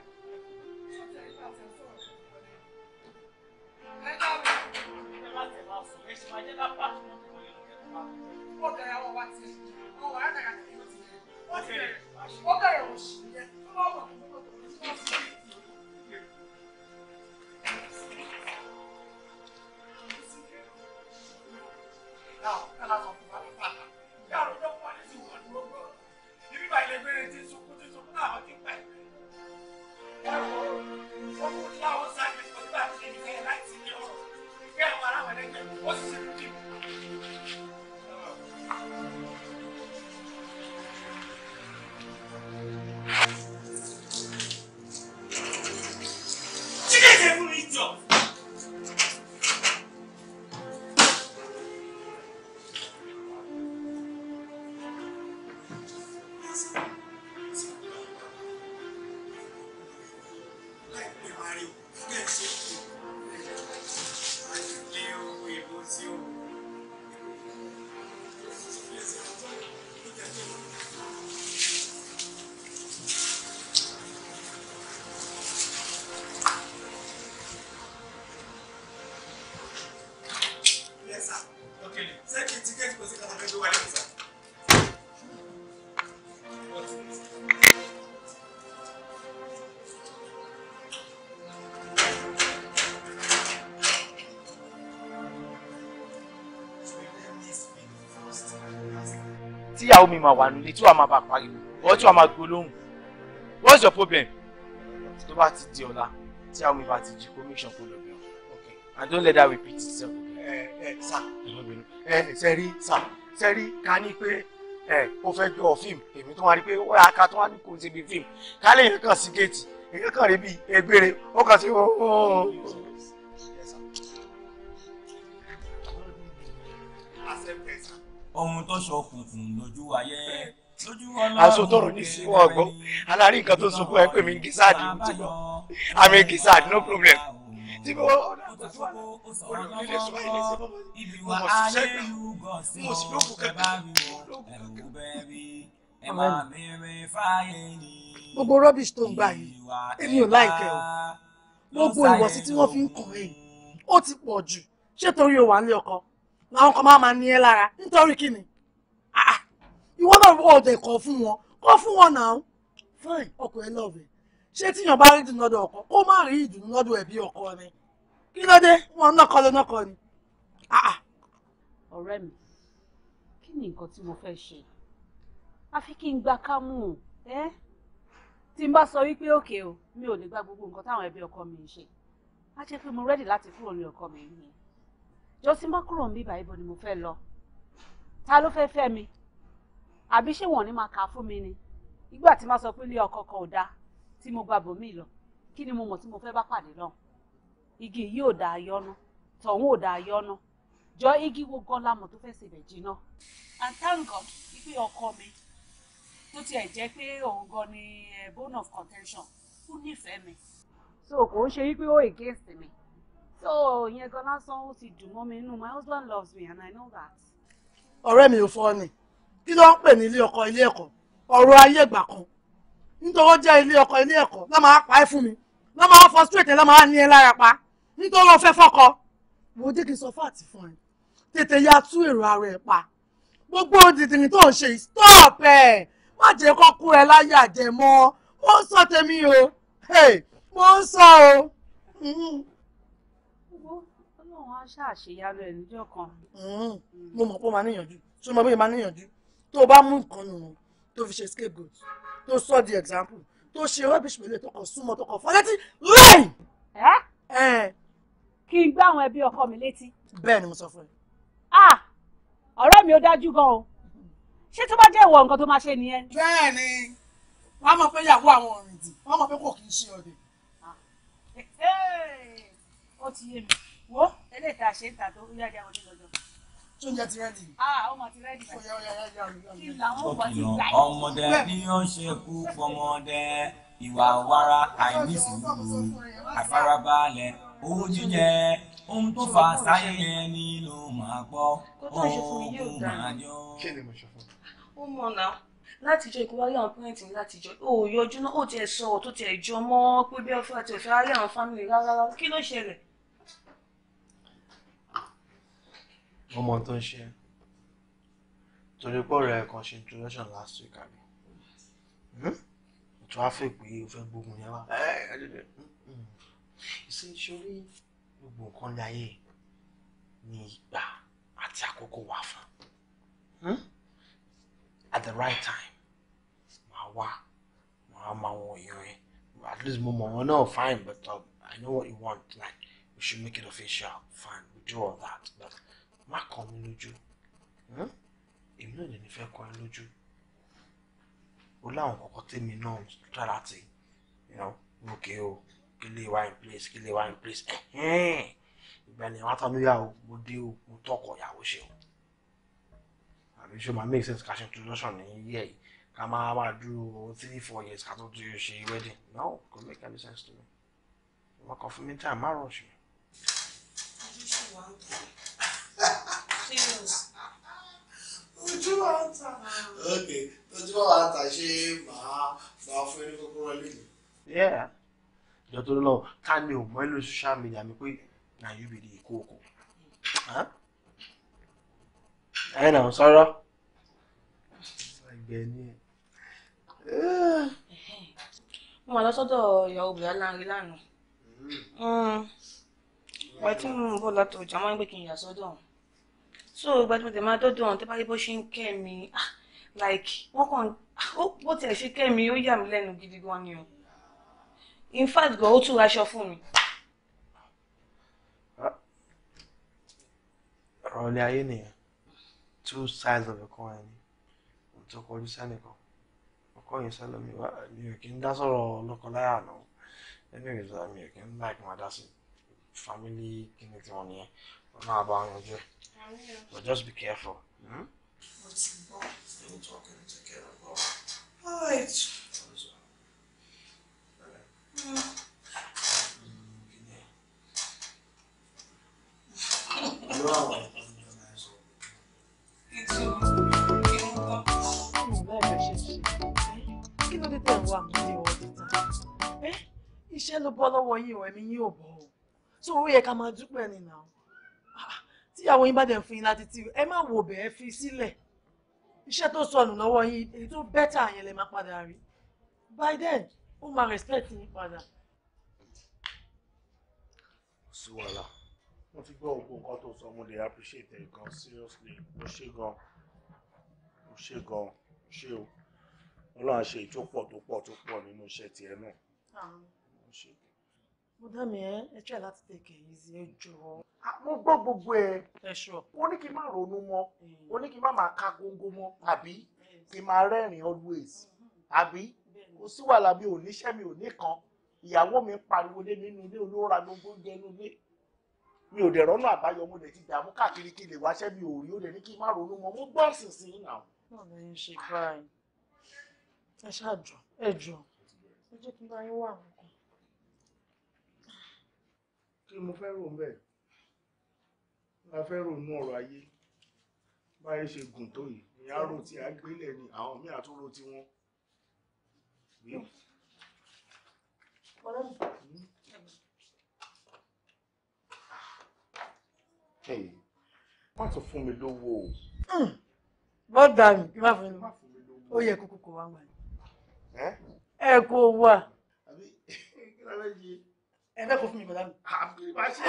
ìyàwó mi wà nílé tí wàá máa bá pariwo ọwọ́ tí wàá máa gbó lóhùn what's your problem tó bá ti di ọ̀la tí àwọn ìbá ti jí kó make sure kó lọ bí wọn and don't let that repeat itself. ẹ ẹ sà ẹ sẹ́rí sà sẹ́rí ká ní pé ẹ o fẹ́ jọ fíìmù èmi tó wá ní pé ó yà ká tó wá ní kò ṣe bí fíìmù ká lè yẹn kàn sí géètì èyí kàn rí bí egbére ó kàn sí ooo. Accept this ohun tó sọ kùnkùn lójú ayé lójú ọlọ́run ní síwọ́ ọgbọ́n alárí nǹkan tó sunkún ẹ pé mi gísáàdì mo ti àmì gísáàdì no problem tí mo sọ ayé lẹ́sẹ̀ mọ́ mo mọ̀ sí sẹ́gbà mo sì lókun gbogbo rubbish tó ń gbà yìí èmi ò láìkẹ́ o gbogbo ìwọ̀sí tí wọ́n fi ń kàn yìí ó ti pọ̀ jù ṣé torí o wà nílé ọkọ na ọkọ ma ma ní ẹ nítorí kí ni ah, ah. ìwọ náà ọ̀dẹ̀ kọ̀ fún wọn kọ fún wọn náà fine ọkọ ẹ lọ́ọ̀bẹ̀ ṣé tíyàn bá rí ọkọ kó má rí ọkọ ni kí ló dé nọkọ ni. Ah, ọ̀rẹ́ mi kí ni nǹkan mo fẹ́ ṣe àfi kí n gba sọ wípé òkè o mi ò lè gba gbogbo nǹkan táwọn ẹbí ọkọ mi ń ṣe á pé mo rẹ́dì mi jọ sí mọ́kúrò ń bí ni mo fẹ́ lọ ta ló fẹ́ fẹ́ mi àbí ṣé wọ́n ní máa kà fún mi ni ìgbà tí má sọ pé ilé ọkọ kan ò dáa mo gba bòmí lọ kí ni mo mọ̀ tí mo fẹ́ bá pàdé lọ́hùn igi o da dáa yọ́nú tọ̀hún ò dáa yọ́nú jọ igi wo gan lamọ̀ tó fẹ́ ṣèbẹ̀ jiná. and thank God ipe ọkọ mi tó tiẹ̀ jẹ́ pé òun gan ni eh, bone of contention ó nífẹ̀ẹ́ mi. so kò ń ṣe wípé ó against mi so ìyẹn gan lásán ó ti dùn mọ́ mi nínú my husband loves me and I know that. ọ̀rẹ́ mi ò fọ́ ni kí ló ń pè ní ilé ọkọ ilé ẹ̀kọ́ ọ̀rọ̀ ayé ìgbà kan nítorí jẹ́ ilé ọkọ ilé ẹ̀kọ́ lọ́ máa pa ẹ́ fún mi lọ́ máa frustrate lọ́ máa ní ẹ lára pa nítorí o fẹ́ fọ́kọ mo dé kí n sọ fáàtì fún ẹ tètè ya tú èrò ara ẹ pa gbogbo dìdìrín tó ń ṣe stop ẹ má jẹ́ kó kú ẹ láyé àjẹmọ́ ó ń sọ tèmi o mo ń sọ o. Mm-hmm ọlọ́run á ṣàṣeyálò kan. Hmm. Hmm. mo mọ̀ pé ó máa níyànjú ṣé mo bẹ́ẹ̀ máa níyànjú tó o bá mú nǹkan nù tó fi ṣe scapegoat tó sọ di example tó ṣe rubbish pẹ̀lú tó súnmọ́ tó kàn lẹ́yìn. kí n gbá àwọn ẹbí ọkọ mi létí. bẹ́ẹ̀ ni mo sọ fún ẹ. ọ̀rẹ́ mi ò dájú gan o ṣé tó bá jẹ́ ìwọ nǹkan tó máa ṣe nìyẹn. bẹ́ẹ̀ ni wọ́n mọ̀ pé ìyàwó àwọn òrìndì wọ́n mọ̀ pé kò kì í ṣe ọ̀dẹ̀. ó ti yé mi wò ó eléyìí tá a ṣe ń tà tó yá ìyá wọlé lọ́jọ́. tó ń jẹ ti rẹ́dì. Ah, ọmọ ti rẹ́dì. kí làwọn ọmọdé ni ó ń ṣe kú ìwà wàrà àìnísùúrù àfarabalẹ̀ owó jíjẹ ohun tó fa sáyé yẹn ni máa gbọ́ ohun máa jọ. ó mọ̀ náà látijọ́ ìkúwárí àwọn pẹ́rẹ́ǹtì ní látijọ́ ó yọjú náà ó tiẹ̀ sọ ọ̀ tó tiẹ̀ jọ mọ́ pé bí ọ̀fẹ́ àti ọ̀fẹ́ àárẹ̀ àwọn fámìlì rárá kí ló ṣẹlẹ̀. wọ́n mọ tó ń ṣe torí pọ̀ rẹ̀ kan ṣe introduction last week àbí hmm? traffic pé o fẹ́ gbógun yẹn wá ìṣe hmm. ìṣòrí gbogbo nǹkan ní ayé ní ìgbà àti àkókò hmm? at the right time màá wá màá máa at least mo mọ̀ wọn fine but um, I know what you want like we should make it official fine we do all that but má kọ́ mi lójú hm? èmi náà lèmi fẹ́ kọ́ ẹ lójú ó láwọn kọ̀ọ̀kan tèmi náà dára ti gòkè o kí lè wá in place kí lè wá in place ìgbà ni àwọn atánúyà o mo dé o mo tọkọ ìyàwó ṣe o àbí ṣé o máa make sense ká ṣe introduction ní yíyẹ yìí ká máa máa dúró three four years ká tó tó yóò ṣe wedding no kò make any sense to me ọkọ fún mi tí a máa rọ̀ ṣe. àdúṣe wa ń tọ́. pills. Ojúwàntà. Ok, Yeah. Ìjọ tó lọ, ká social media na you be the kókó. Ẹ nà ń sọ̀rọ̀. Ẹgbẹ́ ni ẹ̀. Eh. Mo wà lọ́sọ́dọ̀ ìyàwó obìnrin aláàrin lánàá. Wọ́n mm-hmm. mm. ti ń bọ̀ látọ̀jà, so ìgbà tí mo tẹ̀ máa dọ́dọ̀ ọ̀hún tẹ́ bá rí bó ṣe ń kẹ́ mi ah, like wọ́n kàn ah, bó tiẹ̀ ṣe kẹ́ mi ó yà mí lẹ́nu gidi gan ni o in fact gan ó tún aṣọ fún mi. ọ̀rọ̀ ilé ayé nìyẹn two sides of a coin ẹni mo tó kọjú sẹ́nì kan ọkọ yẹn sẹ́lẹ̀ mi wá mi ò kí ń dá sọ̀rọ̀ lọ́kọláyà lọ ẹni rẹ̀ mi ò kí ń láìpẹ́ máa dá sí family kíni tí wọ́n nìyẹn. Not about you. But just be careful. Hmm? What's involved? Still talking to care of All right. Yeah. kí ló dé tẹ̀ ń wá àwọn eh? ilé tíyàwó yín bá dẹ̀ fún yín láti tí ẹ má wò bẹ́ẹ̀ fi sílẹ̀ iṣẹ́ tó sọnù lọ́wọ́ yín èyí tó bẹ́tà yẹn lè má padà rí by then ó máa respect yín padà. sí wàhálà mo ti gbọ́ òkú nǹkan tó sọ mo lè appreciate ẹ̀ gan seriously mo ṣe gan mo ṣe gan ṣe o ọlọ́run ṣe ìtòpọ̀ tó pọ̀ tó pọ̀ nínú iṣẹ́ tiẹ̀ náà mọdàmí ẹ ẹ try láti take it easy ẹ jọ̀ọ́. mo gbọ́ gbogbo ẹ ó ní kí n má ronú mọ́ ó mm. ní kí n má máa ka góńgó mọ́ mm. àbí kí n máa rẹ́rìn always mm-hmm. àbí kò sí wàhálà mi ò níṣẹ́ mi ò ní kan ìyàwó mi ń pariwo lé mi nínú ilé olóra gbogbo oúnjẹ inú ilé mi ò dẹ̀ rọ́nà àbáyọ mo dẹ̀ ti dààmú káàkiri kí lè wáṣẹ́ mi ò rí ó dẹ̀ ní kí n má ronú mọ́ mo gbọ́ sísìn náà. ọ̀rẹ́ yín ṣe báyìí ẹ ṣáà jọ ẹ jọ ẹ jẹ́ kí n bá yín wà wọ́n kí ni mo fẹ́ rò ń bẹ̀ la fẹ́ rò nú ọ̀rọ̀ ayé báyé ṣe gùn tó yìí ìyá rò tí a gbélẹ̀ ni àwọn míì àtúrò tí wọ́n. má tún fún mi lówó o. bọ́ dà mí kí má fún mi lówó ó yẹ kókó kó wá wà ní. ẹ kó wà. àbí kí lálẹ́ yìí ẹ fẹ́ kó fún mi bọ̀dá mi. àbí ah, bá ṣe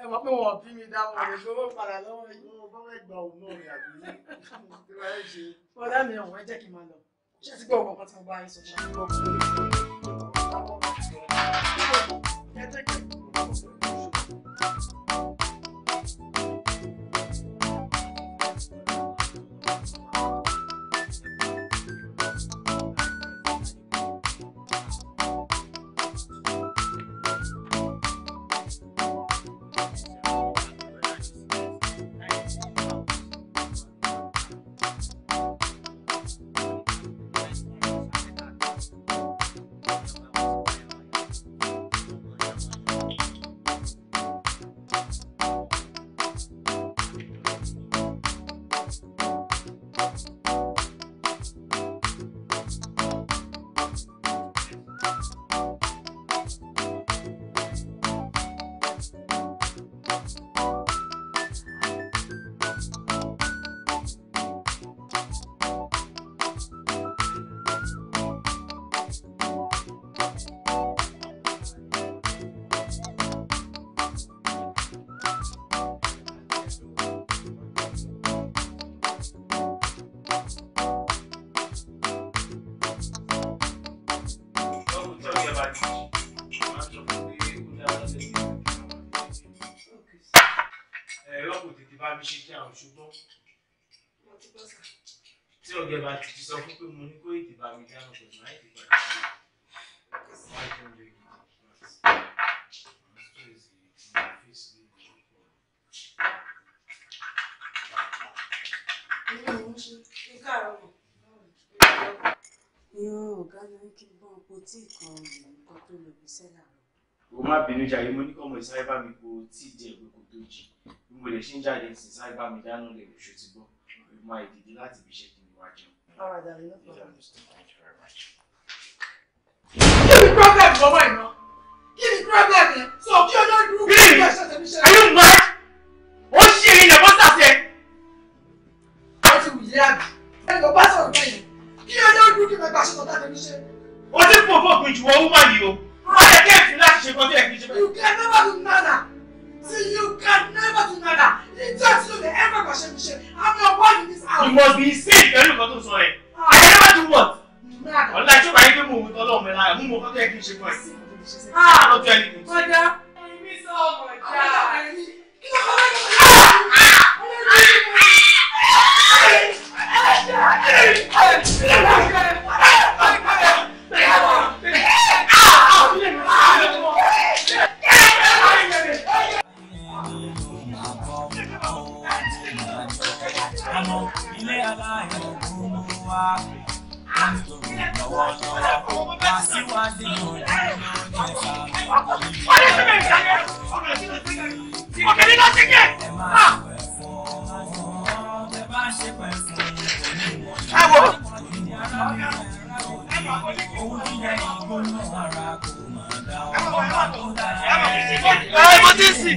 ẹ mọ̀ pé wọ́n bí mi dá wọn lè gbowó padà lọ́wọ́ yìí. mo bá fẹ́ gba òun náà ní àbí kí ló ẹ ṣe. bọ̀dá mi ọ̀hún ẹ jẹ́ kí n máa lọ ṣé ti gbọ́ ọ̀gbọ̀n kan tí mo bá yín sọ ṣáà gbọ́ ẹ jẹ́ kí n máa lọ. mi ṣe kí àwọn ṣùgbọ́n tí ọ̀gẹ̀ bá ti sọ fún pé mo ní kó ètè mi dáná pẹ̀lú láì ti padà sí ìran ọ̀gá náà kí gbọ́n kò tí ì kan ọ̀rọ̀ nǹkan tó lòdì sẹ́là o má bínú jàre mo ní kọ́ ọmọ ìsáré bá mi po tí díẹ̀ pé kò tó jì bí mo lè ṣe ń jáde sí ìsáré bá mi dáná lè lóṣù tí bọ́ mo máa dìde láti fi ṣe kí n wá jẹun. ọ̀rọ̀ dàbí lọ́pọ̀. kí ni problem lọ́wọ́ ìná kí ni problem yẹn sọ kí ọjọ́ dúró kí ni ẹ̀ṣẹ̀ tẹ̀mí ṣe. ayé mọ ṣe èyí lẹ́kọ́ sàṣẹ. ó ti wù yé àbí ẹni kò bá sọ̀rọ̀ bẹ́yẹn kí ọjọ́ dúró kí mẹ́ta ṣe tọ́ta tẹ̀mí ṣe. o ti pọ̀ fọ́ọ̀kùn jù wọ́n ó ṣe kọ́ tó yẹ ṣe bẹ́ẹ̀. you can never do nada see you can never do nada idiot you dey ever go ṣe mi ṣe i'm your boy in this house. you must be insane pẹ̀lú nǹkan tó ń sọ yẹn ah. i never do what. ọ̀la ìṣọ̀kan yín pé mo òun tọ́lọ́ ọmọ láyà mú mo kọ́ tó yẹ ṣe fún ẹ. ah ọjọ́ ẹni kò tí. ọjà èmi sọ ọmọ ìjà. kí ló kọ́ bá yẹ kó aláyọ̀ ògùn mú wá wọ́n ń tòrò lọ́wọ́lọ́wọ́ wá síwájú òní lónìí bàbá mi. ọ̀kẹ́ni lọ sí yẹn. ẹ máa pẹ̀ fún ọ ẹ bá ṣe pẹ̀ fún ọ. ẹ wọ. ẹ mọ̀ tí ń sìn.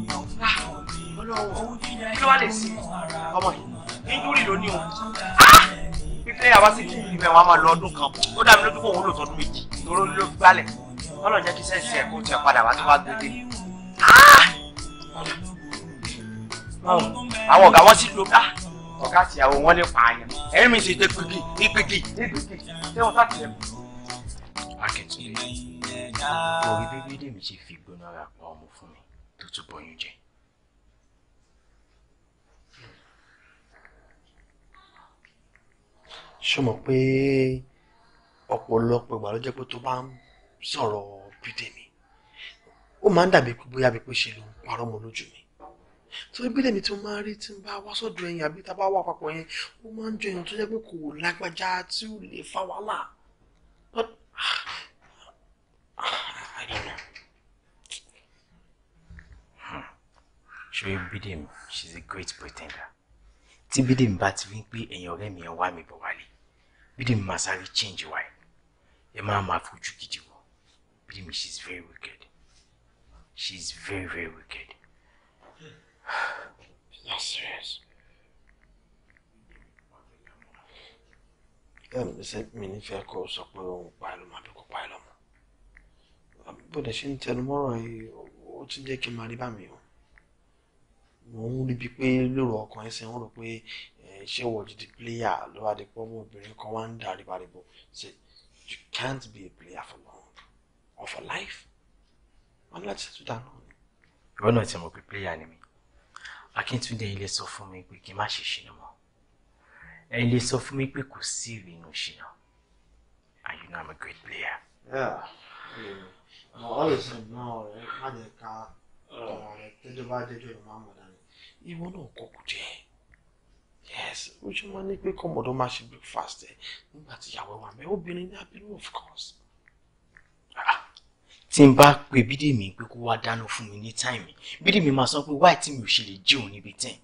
kí ló wá lè sí ọmọ yìí injúrì ló ní o ah! pípẹ́ àwa sì kí ìgbìmọ̀ àwọn máa lọ ọdún kan ó dàbí lójú fún òun lò tọdún méjì toró ló gbálẹ̀ ọlọ́run jẹ́ kí sẹ́ǹsì ẹ̀ kó tiẹ̀ padà wá tó bá gbé dé ah! àwọn ọ̀gá wọn sì lo ah! ọ̀gá tìyàwó wọn lè pààyàn ẹ̀rí mi sì dé gbígi ní gbígi ní gbígi ṣé wọn bá tiẹ̀ mú. akẹ́tùnlé orí bíbí dèmi ṣe fi gbóná ra pa ọmọ fún mi tó tún bọyún jẹ. ṣé o mọ̀ pé ọ̀pọ̀lọpọ̀ ìgbà ló jẹ́ pé tó bá ń sọ̀rọ̀ bídèmí ó máa ń dàbí pé bóyá bíi ṣe ló ń parọ́ mọ́ lójú mi torí bídèmí tí máa ń rí tí ń bá wá sọ́dọ̀ ẹ̀yìn àbí tá a bá wà papọ̀ yẹn ó máa ń jọ èèyàn tó jẹ́ pé kò lágbájá tí ó lè fa wàhálà but she's a great pretender tí bídèmí bá ti fi ń pé ẹ̀yìn mi ẹ̀ wá mi bọ̀ wálé Bídè mi máa sáré change wa ẹ̀. Ẹ máa máa fojú gidi wọ̀. very wicked. She's very very wicked. No serious. Ṣé mi nífẹ̀ẹ́ kọ́ sọ pé òun pa ẹ lọ́mọ àbí kò pa ẹ lọ́mọ? Bó dẹ̀ ṣe ń tẹnumọ́rọ̀ yìí, ó tún jẹ́ kí n máa rí bá mi o mo ń ríbi pé lóru ọkàn ẹsẹ̀ ń rò pé ṣé wọ́n ti di player ló wá di pé ọmọbìnrin kan wá ń dà ribaribo ṣe you can't be a player for long or for life wọn láti tún dáná ni. ìwọ náà ti mọ̀ pé player ni mi Akíntúndé ilé sọ fún mi pé kí n má ṣe ṣìnà mọ́ ẹ lè sọ fún mi pé kò sí ìwé inú ṣìnà and you know I'm a great player. Yeah. Yeah. No, always no, má jẹ́ ká ọ̀rọ̀ rẹ̀ tẹ́jọ́ bá dẹ́jọ́ ìmọ̀ àmọ̀dá ni. Ìwọ náà kọ̀kù jẹ́ yes ojúmọ́ ní pé kọ́mọ̀dọ́ máa ṣe breakfast ẹ̀ nígbà tí ìyàwó wà mẹ́ obìnrin ní abiru of course. Ah, tí n bá pe bídèmí pé kó wá dáná fún mi ní táìmì bídèmí máa sọ pé wáì tí mi ò ṣe lè jí òun níbi tẹ́ẹ̀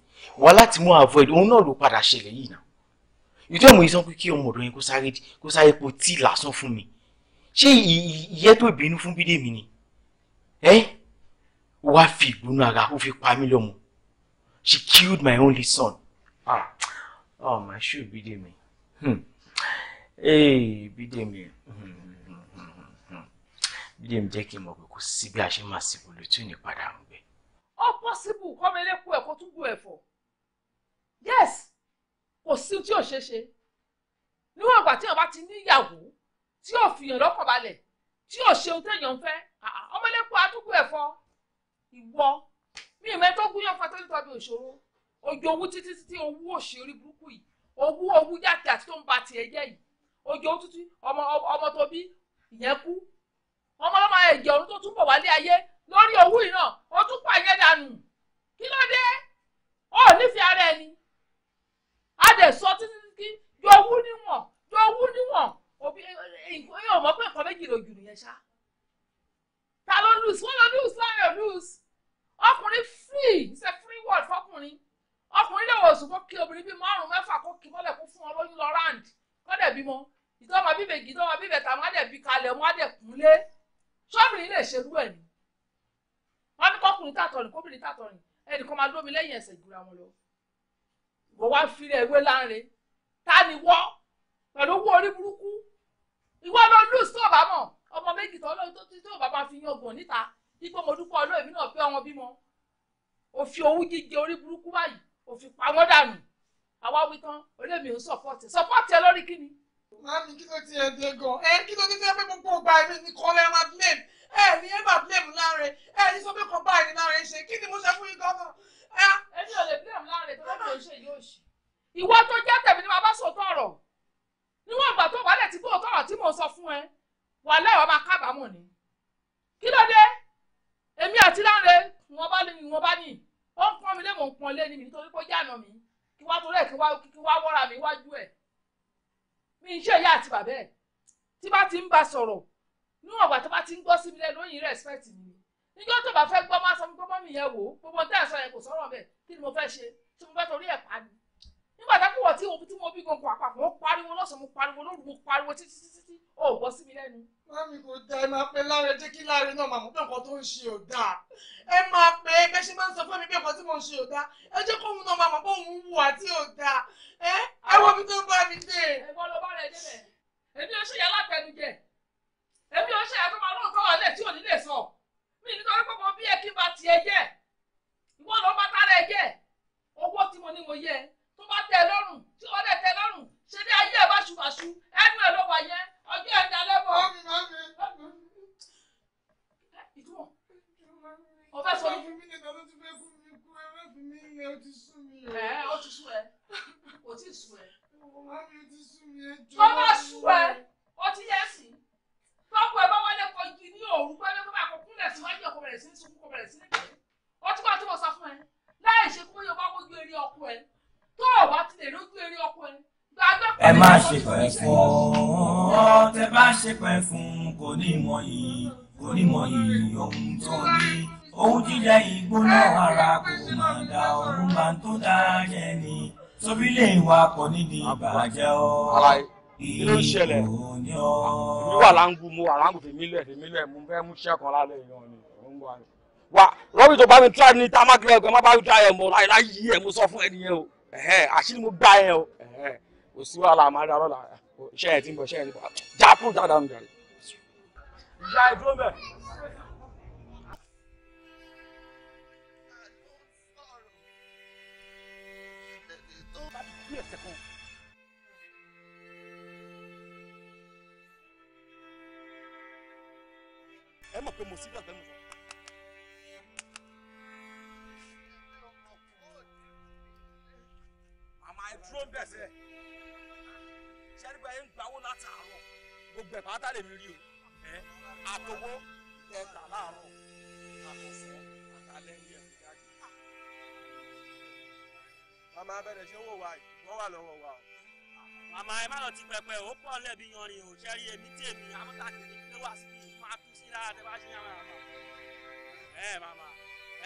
wá láti mú avoid òun náà ló padà ṣẹlẹ̀ yìí náà ìjọ ìmọ̀ ìsan pé kí ọmọdọ̀ yẹn kó sáré po tí lásán fún mi ṣé ìyẹ́ tó ìbínú fún bídèmí ni ẹ́ wá fi ìgbóná ara ó fi pa mí lọ́mọ she killed my only son Ah, oh, ọ mà ṣù bídèmí bídèmí bídèmí jẹ́ kí n mọ̀ pé kò sí bí a ṣe be sìnkú lótú ní padà ń gbé. ó pọ́sibù kọ́mi eléku ẹ̀kọ́ tún bu ẹ̀fọ́ yes kò sí tí ò ṣeé ṣe níwọ̀n ìgbà tí èèyàn bá ti níyàwó tí ò fìyàn lọ́kàn balẹ̀ tí ò ṣe ohun téèyàn ń fẹ́ ọmọlẹ́kùn adúgbò ẹ̀fọ́ ìwọ mi ìmẹ́tọ́gún yàn fatọ́lítọ́ bí òṣòro ojú owó títí títí owó òṣèré burúkú yìí owó owó yàtì àti tó ń ba tiẹ̀ jẹ́ yìí ojú owó títí ọmọ ọmọ tó bí ìyẹn kú ọmọ ọlọ́mọ ẹ̀jẹ̀ ọ̀run tó tún bọ̀ wálé ayé lórí owó yìí náà ó tún pààyàn dànù kí ló dé ó nífẹ̀ẹ́ ara ẹni á dẹ̀ sọ títí títí ju owó níwọ̀n ju owó níwọ̀n òbí ẹ̀yìn ò mọ̀ pé nǹkan méjì lòjù nìyẹn ṣá ta ló lùs wọ́n lọ lùs wọ́n lọ lùs ọkùnrin free it's a free world fọkùnrin ọkùnrin lè wọ̀ sùn kó kí obìnrin bíi márùn-ún mẹ́fà kó kí mọ́lẹ̀ kó fún wọn lóyún lọ round kọ́dẹ̀ bímọ ìdánwò bíbẹ̀ ìdánwò bíbẹ̀ tàwọn á dẹ̀ bí kalẹ̀ wọn á dẹ̀ kúnlé sọ́bìnrin lè ṣerú ẹ̀ ni wọ́n ní kọ́kùnrin tàtọ̀ ni kóbìnrin tàtọ̀ ni ẹnìkan máa dómi lẹ́yìn ẹsẹ̀ ìgbìra wọn lọ mo wá fi rẹ̀ ewé láńre ta ni wọ́ pẹ̀lú owó orí burúkú ìwọ ló lù sí ọ̀bámọ̀ ọmọ méjì tó lóyún tó ti tó bàbá fi yan ọgbọ̀n níta ipò mo dúpọ̀ olóòmí náà fẹ́ ọmọ bímọ òfin owó jíjẹ orí burúkú báyìí òfin pamọ́ dànù àwa wí tán olémi ò sọpọ́tì sọpọ́tì ẹ lórí kíni. màámi kí ló ti ẹ dé gan ẹ kí ló ti fẹ́ pé gbogbo ọgbà ẹ̀mí ni kọ́ lẹ́ máa blame ẹ ní ẹ máa blame láre ẹ ní sọ pé kọ́ bá ẹni láre ṣe kí ni mo ṣe fún yín gan náà. èmi ò lè blame láre tó lọ́dọ̀ ìṣe yóò ṣe. ìwọ tó jẹ́ tèmi ni màá bá sọ tọ̀rọ̀ níwọ̀n ìgbà tó wálẹ̀ tí kò tọ̀rọ̀ tí mò ń sọ fún ẹ wàhálà ìwà máa kábàámọ̀ ni kí ló dé èmi àti láre ìwọ̀n bá bá ní ó ń pọ́n mi lé mò ń pọ́n lé ni mi nítorí pé ó yànà mi kí wá torí ẹ̀ kí wá wọ́ra mi wájú ẹ̀ mi ń ṣe ìyá àti bàbá ẹ̀ tí bá ti ń bá sọ̀rọ̀ níwọ̀n ìgbà tó bá ti ń gbọ́ sí mi lẹ́nu òyìn respect mi níjọ́ tó bá fẹ́ gbọ́ máa sọ mi gbọ́ mọ́ mi yẹn wò gbogbo tẹ́ ẹ̀ sọ yẹn kò sọ̀rọ̀ bẹ́ẹ̀ kí ni mo fẹ́ ṣe tí mo fẹ́ torí ẹ̀ pa ni nígbà dákúwọ̀ tí òbí tí mo bí gan-an pàpà mo pariwo lọ́sàn-án mo pariwo lóru mo pariwo títí títí ó bọ́ sí mi lẹ́nu. mami kò da ẹ máa pe láre jẹ́ kí láre náà màmú pé nǹkan tó ń ṣe ò da ẹ máa pe bẹ́ẹ̀ ṣe máa ń sọ fún mi pé nǹkan tí mò ń ṣe ò dáa ẹ jẹ́ kóhun náà máa mọ̀ pé òun wù àti ò da ẹ ẹ wọ mi tó bá mi dé. ẹ bọ́ lọ bá rẹ débẹ̀ èmi ò ṣe yẹ látẹnujẹ èmi ò ṣe yẹ tó máa lóòótọ́ ọ̀lẹ́ tí ò ní lè sọ tó bá tẹ́ lọ́rùn tí wọ́n dẹ̀ tẹ́ lọ́rùn ṣe bí ayé ẹ̀ bá ṣùfàṣù ẹnu ẹ̀ ló wà yẹn ọjọ́ ẹ̀ dalẹ́ bọ̀. ìtumọ̀ o fẹ́ sọ ní. ẹ ó ti sún mi ẹ ó ti sún ẹ ó ti sún ẹ. tó bá sún ẹ ó ti yẹ sí tọ́pọ̀ ẹ bá wọlé kọ igi ní òru pẹ́ẹ́lẹ́ tó bá kọ kúnlẹ̀ síwájú ọkọ bẹ̀rẹ̀ sí ní sunkún kọ bẹ̀rẹ̀ sí ní bẹ̀rẹ̀ ọtí wà tí mo sọ fún ẹ láì ṣe kó yọ bá wọ́n gbé eré ọkọ ẹ tó o bá ti lè lójú eré ọkùnrin gbàgbọ́. ẹ má ṣe pẹ́ fún ọ tẹ bá ṣe pẹ́ fún kò ní mọ̀ yìí kò ní mọ̀ yìí ohun tó ní ohun jíjẹ ìgbóná ara kò máa da ohun máa tó dáa jẹ ni sórí lè wà pọ̀ nídìí ìbàjẹ́ ọ ìlú ṣẹlẹ̀ wà láǹgù mo wà láǹgù fèmí lẹ̀ fèmí lẹ̀ mo fẹ́ mú ṣẹ́kan lálẹ́ ìyàn ni mo ń wà wà lọ́bì tó bá mi tíra ní támákì ẹ̀gbọ́n má bá mi tíra ẹ̀ mọ́ láyé láyé ẹ̀ mo sọ fún ẹ nìyẹn o àṣírí mo gbá ẹ o kò sí wàhálà àmàlà rọ́là iṣẹ́ ẹ̀ ti ń bọ̀ iṣẹ́ ẹ̀ ti ń bọ̀ jápù dáadáa nù jàre. ìyá ìdúró bẹ̀. ẹ mọ̀ pé mo sí gbàgbẹ́ mi sọ. àìdúró ń bẹ̀sẹ̀ ṣẹ́ni bẹ́ẹ̀ ń gbawó látàárọ̀ gbogbo ẹ̀ pátá lèmi rí o ẹ̀ àtọwọ́ ẹ̀ka láàárọ̀ àtọ̀sọ̀ àtàlẹ́ ní ẹ̀ jáde. màmá abẹ́rẹ́ ṣé wò wá yìí wọ́n wà lọ́wọ́ wa o. màmá ẹ má lọ ti pẹpẹ ó pọ̀ lẹ́bi yanrìn o ṣẹ́rí èmi tí èmi amútakiri pé wá síbi máa tú sí lára tẹ bá ṣe yàrá àmọ́. ẹ màmá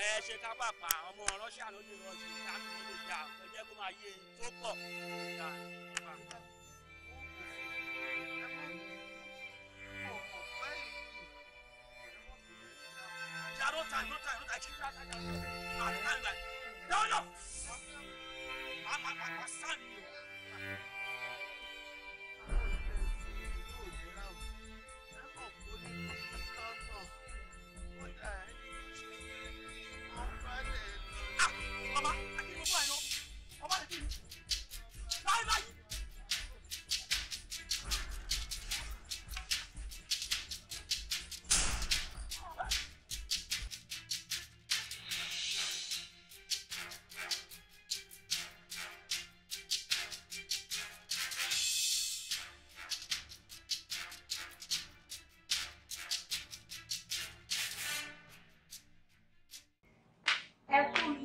ẹ ṣe ká pàpà ọmọ rọ́ṣà ló lè rọ́ṣà ká ló lè jà o jẹ́ kó máa yé èyí tó pọ̀. Yeah, no time, no time, no time. Keep that, that, that, that, that, that, that. No, no. I'm, I'm, I'm, I'm standing here.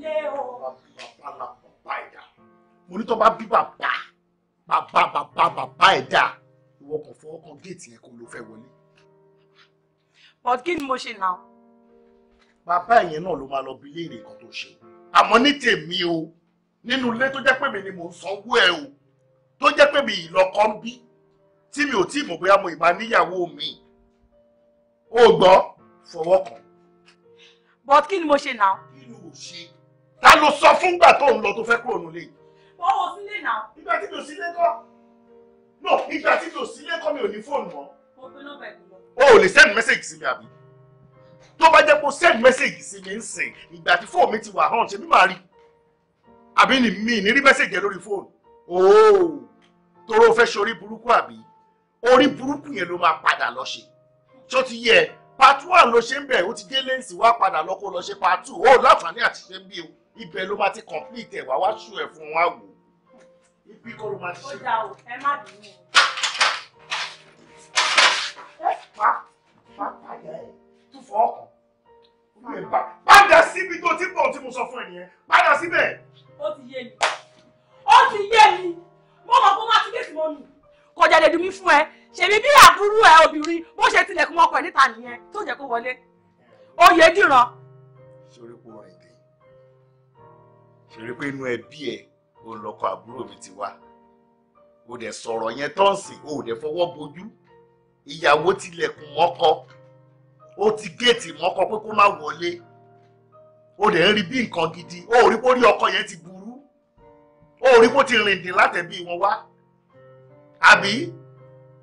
nílé o. bàbá ẹ̀dá mo ní tó bá bí bàbá bàbá bàbá bàbá ẹ̀dá ìwọ kò fọwọ́ kan géètì yẹn kó ló fẹ́ wọlé. but kí ni mo ṣe náà. bàbá ẹ̀yẹn náà ló máa lọ bi léèrè nǹkan tó ṣe àmọ́ ní tèmi o nínú ilé tó jẹ́ pé mi ni mò ń sanwó ẹ̀ o tó jẹ́ pé mi ìlọ́kọ ń bí tí mi ò tí mọ̀ bóyá mo ìbá níyàwó mi o gbọ́ fọwọ́ kan. but kí ni mo ṣe náà. kí ló ṣe ta ló sọ fúngbà tó ń lọ tó fẹ́ kúrò nílé wọ́n wọ sílé náà. ìgbà tí mi ò sílé no ìgbà tí mi ò sílé kọ́ mi ò ní fóònù mọ́. mo pe nọ́mbà ìgbìmọ̀. o ò lè send message sí mi àbí tó bá jẹ́ kó send message sí mi ń sìn ìgbà tí fóònù mi ti wà hàn ṣe bí màá rí àbí ni mi ní rí message yẹn lórí fóònù ooo toró fẹ́ ṣorí burúkú àbí orí burúkú yẹn ló máa padà lọ ṣe ṣó ti yẹ part one ló ṣe ń bẹ̀ ó ti dé lẹ́ǹsì wá padà lọ kó lọ ṣe part two ó láǹfààní àti ṣe ń bí o ibẹ̀ ló máa ti complete ẹ̀ wá wá ṣù ẹ̀ fún wa wò ibi kọ́ ló máa ṣe. ó dà o ẹ má bínú o. pa pa pa yẹ ẹ tún fọ ọkàn ó lè bá padà síbi tó ti bọ̀ tí mo sọ fún ẹ nìyẹn padà síbẹ̀. ó ti yé mi ó ti yé mi mo mọ̀ pé wọ́n ti dé tìmọ̀ nù kọjá lè dùn mí fún ẹ ṣèmi bí àbúrú ẹ obìnrin bó ṣe tilẹ̀kùn ọkọ̀ ẹ̀ níta nìyẹn tó jẹ́ kó wọlé oyè dìran. ṣorí kúrò ṣeré pé inú ẹbí ẹ ò ń lọkọ àbúrò mi ti wá o dẹ̀ sọ̀rọ̀ yẹn tọ́ọ̀sì o dẹ̀ fọwọ́ bojú ìyàwó tilẹ̀kùn mọ́kọ ó ti géètì mọ́kọ pé kó má wọlé o dẹ̀ ń rí bí nǹkan gidi o rí bó rí ọkọ yẹn ti burú o rí bó ti rìndìn látẹ̀bí wọn wá àbí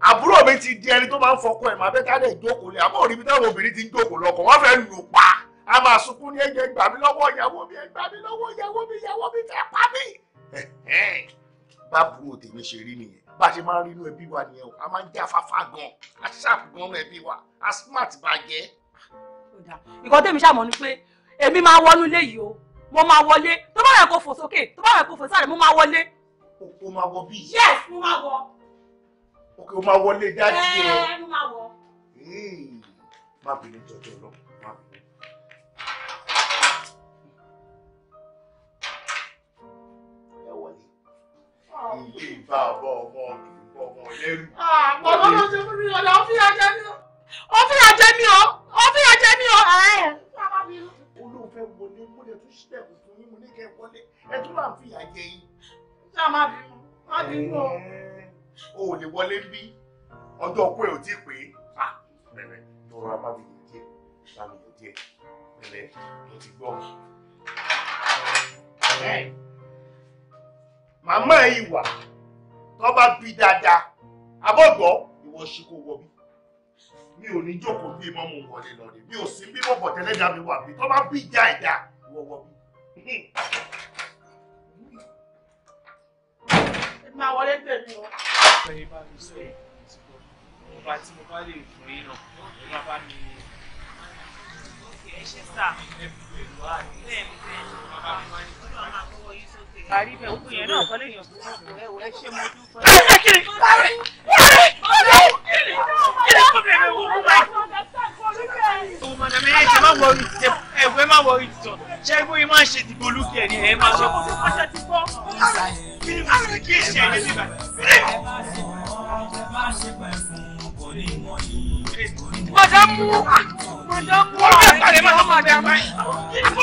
àbúrò mi ti di ẹni tó máa ń fọkọ ẹ̀ máa bẹ́ẹ̀ ká dẹ̀ jókòó lẹ̀ e. àmọ́ òrí mi táwọn obìnrin ti ń jókòó lọ́kọ wọ́n fẹ́ lù pa a máa sunkún ní ẹ̀jẹ̀ gbà mí lọ́wọ́ ìyàwó mi ẹ gbà mí lọ́wọ́ ìyàwó mi ìyàwó mi fẹ́ pa mí. bá àbúrò tèmi ṣe rí nìyẹn bá a ṣe máa ń rí inú ẹbí wa nìyẹn o a máa ń jẹ́ afáfá gan a sharp gan ọmọ ẹbí wa a smart bá a jẹ́. ìkọ́ tèmi ṣàmọ́ ni pé èmi máa wọnú ilé yìí o mo máa wọlé tó bá yẹ kó fò sókè tó bá yẹ kó fò sáré mo máa wọlé. o máa wọ bí. yes mo máa wọ. ok o máa wọlé dájú. ẹ ẹ mo máa wọ. Hmm. má ìwé ìgbà ọmọ ọmọ ọmọ lẹ́rù. bàbá ló ṣe fún mi ọ̀dà ó fi àjẹ mi o ó fi àjẹ mi o ó fi àjẹ mi o. olóòfẹ́ wo ni mo lè tún ṣílẹ̀kùn fún yín mo ní kẹ́ ẹ wọlé ẹ tún máa bí ọjọ́ ọkọ ẹ ò tí pé bẹ̀rẹ̀ lọ́rọ̀ a díẹ̀ láàmì díẹ̀ bẹ̀rẹ̀ ló ti gbọ́ màmá ìwà tó bá bí dáadáa abọ́gbọ́ ìwọ ṣe kò wọ bí mi ò ní jókòó bí mọ́ mo wọlé lọ rí mi ò sí bí mo bọ̀ tẹ́lẹ́dá mi wà bí tó bá bí ìjà ìjà ìwọ wọ bí. ẹ máa wọlé tèmi o. ọ̀rẹ́ bá mi sọ ọba tí mo bá lè fún yín náà ló má bá mi. ẹ ṣe sá ẹ bẹ̀rù wá ní ẹ̀ ń bẹ̀rù bàbá mi wá ní parí bẹ́ẹ̀ ogun yẹn náà kọ́ lèèyàn fún ọ̀pọ̀ ẹ̀wọ̀ ẹ ṣe mo dúpẹ́. ẹ kiri parí parí parí kiri kiri kó bẹ̀rẹ̀ wò ó báyìí. òun mọ̀nà mi ẹ má wọ ìtẹ ẹ̀wọ̀ ẹ má wọ ìtọ̀ ṣé ẹgbẹ́ yìí máa ń ṣe ìdìbò olúkẹ́ ẹ̀ ní ẹ máa sọ fún mi. kí ṣe ẹ̀yẹ nígbà. Madamu! Madamu! Madamu! Madamu! Madamu!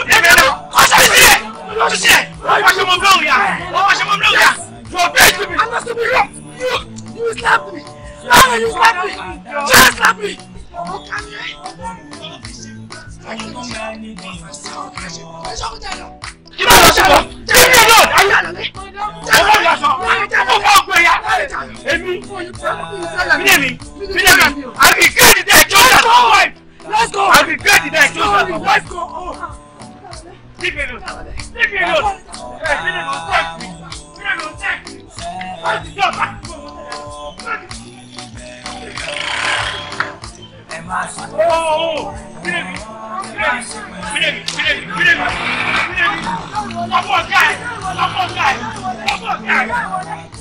Madamu! What is it? Why was your mom ya? Why was your mom ya? here? You are begging me. I must be wrong. You, you slapped me. No, you slapped me. Just slap me. Oh, come here. Kí máa lọ sí lọ? Èmi lọ! Ayé àlàlé! Ẹ̀fọ́ ìyá sọ! Ó fọ́ ọgbẹ́ ìyá! Èmi! Mílẹ̀ mi! Mílẹ̀ mi! I regret the day I chose her for wife! Let's go! I regret the day I chose her for wife! Leave me alone. Leave me alone. Leave me alone. Thank me. Leave me alone. Thank me. Where's the job? Oh, Minemi, oh, Minemi, Minemi, Minemi, Minemi, Minemi, one more guy, one more guy, one more guy.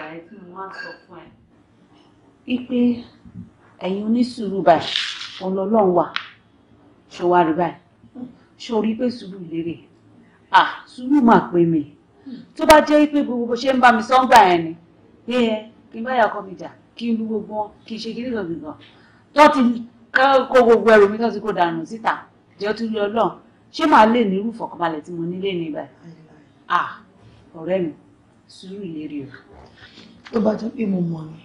ìgbà yẹn tí mo wá sọ fún ẹ wípé ẹ̀yin onísùúrù báyìí òun lọ́lọ́run wà ṣó wá rí báyìí ṣó rí pé sùúrù lérè à sùúrù mà pé mi tó bá jẹ́ pé gbogbo bó ṣe ń bá mi sọ́ngbà yẹn ni pé ẹ kí n bá yà kọ́ mi jà kí n lu gbogbo wọn kí n ṣe kí nìkan gbìngàn tó ti kó gbogbo ẹrù mi tó ti kó dànù síta jẹ́ tó lé ọlọ́run ṣé màá lè ní irú ìfọ̀kànbalẹ̀ tí mo nílé ní ibà ọ̀rẹ́ mi sùúrù lérè o tó bá jẹ́ pé mo mọ̀ ni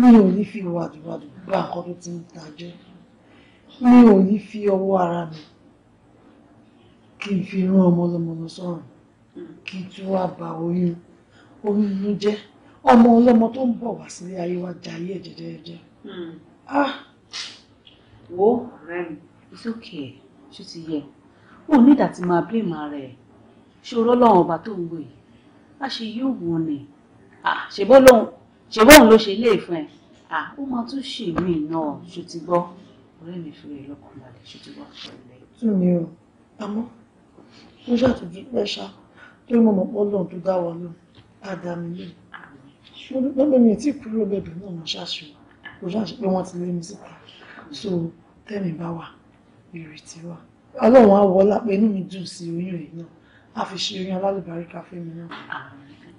mi ò ní fi wàdùwàdù gba nǹkan tó ti ń tajẹ́ mi ò ní fi ọwọ́ ara mi kí n fi rán ọmọ ọlọ́mọ sọ̀rọ̀ kí n tún wá ba oyún oyún ló jẹ́ ọmọ ọlọ́mọ tó ń bọ̀ wá sílé ayé wa jayé jẹjẹjẹ. Hmm. Ah! wo ọ̀rẹ́ mi it's okay ṣó ti yẹ o ní ìdá tí máa blame ara ẹ̀ ṣòro lọ́wọ́n ọba tó ń wò yìí a ṣe yóò wọ́n ni ṣèbó lòun ṣèbó òun ló ṣe ilé ìfún ẹ ó máa tún ṣì mí náà ṣó ti gbọ́ ọ̀rẹ́ mi fi rè lọ́kàn balẹ̀ ṣó ti gbọ́ kí ni o àmọ́ mo ṣàtúnjú pẹ́ ṣá mo mọ̀ pọ́ lọ́n tó dá wa lóhùn àdá mi lóhùn mo dúpẹ́ pé mi ì tí kúrò bẹ̀bẹ̀ náà mo ṣàṣù kò ṣàṣù pé wọ́n ti lé mi síta so tẹ́mi bá wà ìrètí wà ọlọ́run á wọlá pé inú mi dùn sí oyún ẹ̀ náà a fi ṣe oyún alálùbáríkà fẹ́mi náà.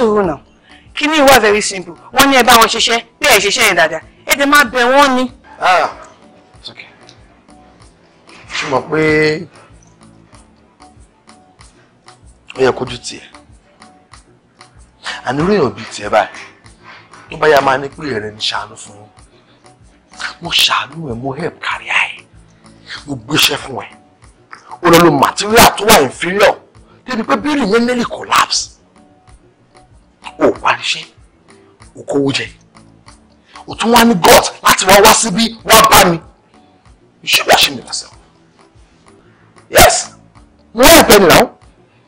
sùúrù náà kí ni ìwà very simple wọ́n ní ẹ bá wọn ṣiṣẹ́ bí ẹ ṣiṣẹ́ yẹn dáadáa ẹ ti máa bẹ̀ wọ́n ni. Ah, ṣe mọ̀ pé ó yẹ kójú tiẹ̀ àníró èèyàn bíi tiẹ̀ báyìí tó bá yá máa ní pé ẹ̀rẹ̀ ní ṣàánú fún un mo ṣàánú ẹ̀ mo help kárí ẹ̀ mo gbéṣẹ́ fún ẹ̀ ó lọ lo material tó wà inferior débi pé bíìlì yẹn nílì kò kówó jẹ o tún wá ní god láti wá wá síbí wá bá mi you should be ashamed of yourself yes mo wá ìpẹ́ nìyàwó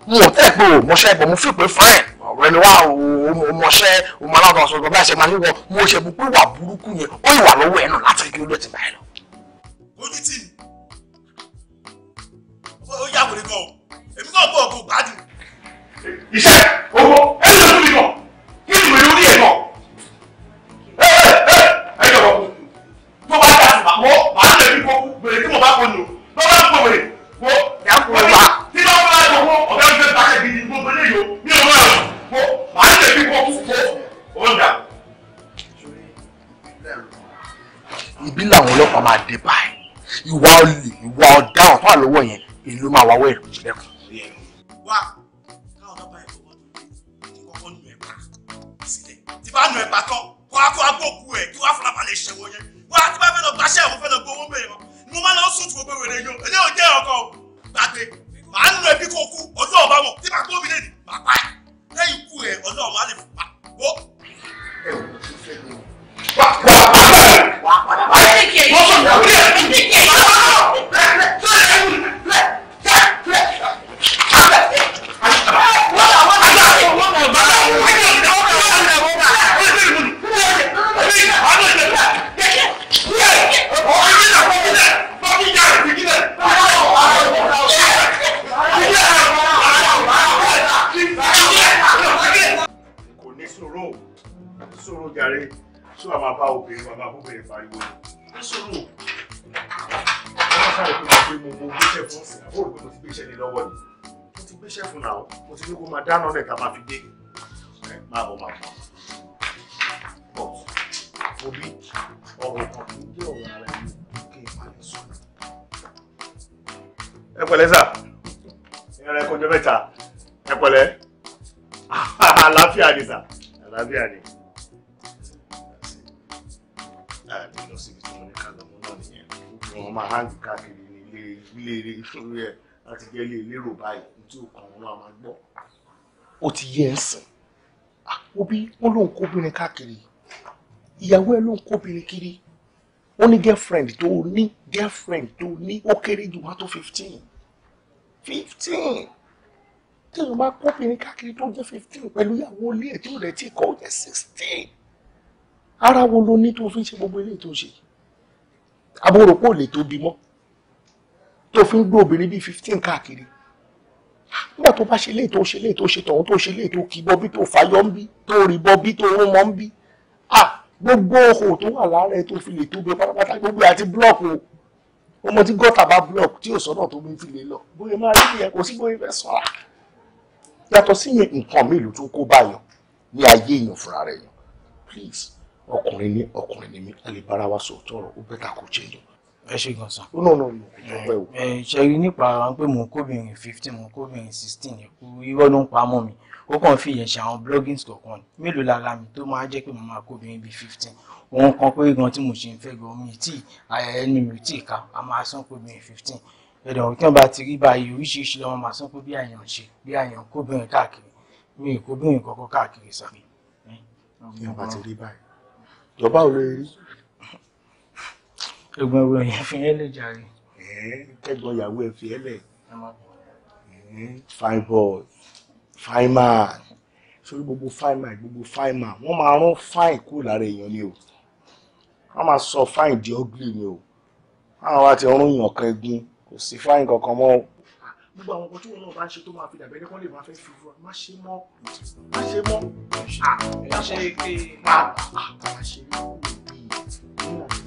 mo ò tẹ́ pé o mọṣẹ́ ìbọn mo fi pé fine ọ̀rẹ́ mi wá o mọṣẹ́ o máa láwọn ọ̀sán ìgbọ̀nbá ẹ̀ṣẹ̀ máa ní wọ mo ṣe bu pé wà burúkú yẹn ó ìwà lọ́wọ́ ẹ̀ náà láti kí olóòtú báyìí lọ. ojú tì í ó yàgò lè gan o èmi náà bọ̀ ọ̀gbọ̀n iṣẹ́ owó ẹ̀ lọ́sẹ̀ ká máa fi dé máa bọ̀ máa bọ̀ obi ọ̀rọ̀ kan kì í jẹ́ ọ̀rọ̀ ara ẹni kí n máa lè sọ. ẹ pẹ̀lẹ́ sà ìyára ẹ kọjọ mẹ́ta ẹ pẹ̀lẹ́ àlàáfíà ni sà àlàáfíà ni. àlè lọ síbi tí mo ní ká lọ mọ náà nìyẹn wọn máa hàn káàkiri ilé ilé ìṣòro yẹn láti jẹ́ ilé ìlérò báyìí tí ó kàn wọn máa gbọ́ ó ti yẹ ẹ sìn àkóbí ah, wọn ló ń kóbìnrin káàkiri ìyàwó ẹ ló ń kóbìnrin kiri ó ní girlfriend tó ní girlfriend tó ní ó kéré ju wá tó fifteen fifteen téèyàn bá kóbìnrin káàkiri tó jẹ́ fifteen pẹ̀lú ìyàwó ilé ẹ̀ tí ò rẹ̀ tí kọ́ ó jẹ́ sixteen ara wo ló ní tó fi ń ṣe gbogbo ilé tó ṣe àbúrò pò lè tóbi mọ́ tó fi ń gbé bíi fifteen káàkiri nígbà tó bá ṣe léè tó ṣe léè tó ṣe tọ̀hún tó ṣe léè tó kì í bọ́bí tó fàyọ́ ń bí tó rí bọ́bí tó rún mọ́ ń bí à gbogbo ohò tó wà lára ẹ tó fi lè tóbi pátápátá gbogbo àti búlọ̀kù o ọmọ tí gọ́tà bá búlọ̀kù tí ò sọ́nà tó fi lè lọ bóyá máa rí ìyẹn kò sí bóyá fẹ́ sọ́ra yàtọ̀ sí nǹkan mélòó tó kó báyọ̀ ní ayé èèyàn fúnra rẹ̀ yàn please ọkùnrin ní ọkùnrin ní mi a lè bára wa sòótọ́ ọ̀rọ̀ ó bẹ́tà kó jẹyàn ẹ ṣe gan san. no no no ìjọba ẹwọ. ẹ ṣẹ́rí nípa pé mò ń kóbìnrin fifteen mò ń kóbìnrin sixteen ẹ̀kú irọ́ ló ń pa mọ́ mi ó kàn fi ìyẹn ṣe àwọn bloggings kọ̀ọ̀kan ni mélòó lára mi tó máa jẹ́ pé mo máa kóbìnrin bíi fifteen òun kan pé gan tí mo ṣe ń fẹ́ gan mi tí ẹni mi tí ì ka a máa sán kóbìnrin fifteen ẹ̀dọ̀ kí wọ́n bá ti rí báyìí oríṣiríṣi lọ́wọ́ máa sán pé bí àyàn ṣe bí àyàn kóbìnrin káàkiri mi ì kóbìnrin kọ̀ọ̀kan káàkiri sàrí. ìjọba ti rí báyìí ìjọba ò lè rí ẹ̀gbọ́n ẹ̀gbọ́n yẹn fi yẹn lè jàre. kẹ́gbọ́n ìyàwó ẹ̀ fi yẹn lẹ̀. fine boy fine man sórí gbogbo fine man gbogbo fine man wọ́n máa rán fine kúrò lára èèyàn ni o wọ́n máa sọ fine di ugly ni o àwọn wa ti rún èèyàn kan egun kò sí fine kankan mọ́ gbogbo àwọn ọkọ wọn bá ń ṣe tó máa fi dàbẹ ní kọ́lé máa fẹ́ fi fún ọ má ṣe mọ́ má ṣe mọ́ má ṣe ké má ṣe mọ́.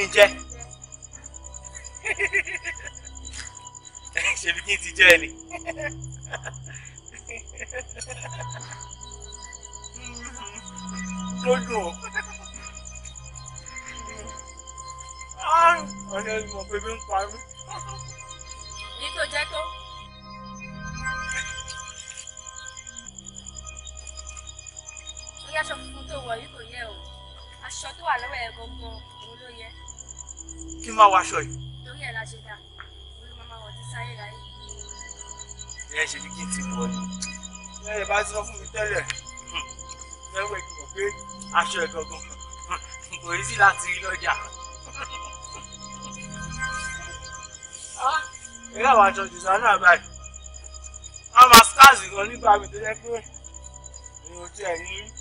ti jẹ́ ṣebí kí n ti jẹ́ ẹ ni. tó dùn ó. Ah, ọ̀nà ìmọ̀ pé mi ń parí. ní tó jẹ́ tó. ìyá aṣọ funfun tó wọ̀ yìí kò yẹ o aṣọ tó wà lọ́wọ́ ẹ̀ gangan òun ló yẹ kí n máa wọ aṣọ yìí. torí ẹ̀ la ṣe dá olú máa wọ ti sáyé ráyé. ẹ ṣe ní kí n ti wọ ni. ẹ ẹ bá sọ fún mi tẹ́lẹ̀ ẹ wẹ̀ kí n mọ̀ pé aṣọ ẹ̀ gangan kò yí sí láti rí lọ́jà. Ah, ẹ yà wá aṣọ jù sánú àbáyé wọn máa stars gan nígbà mi tó jẹ́ pé èrò tí ẹ̀ ní.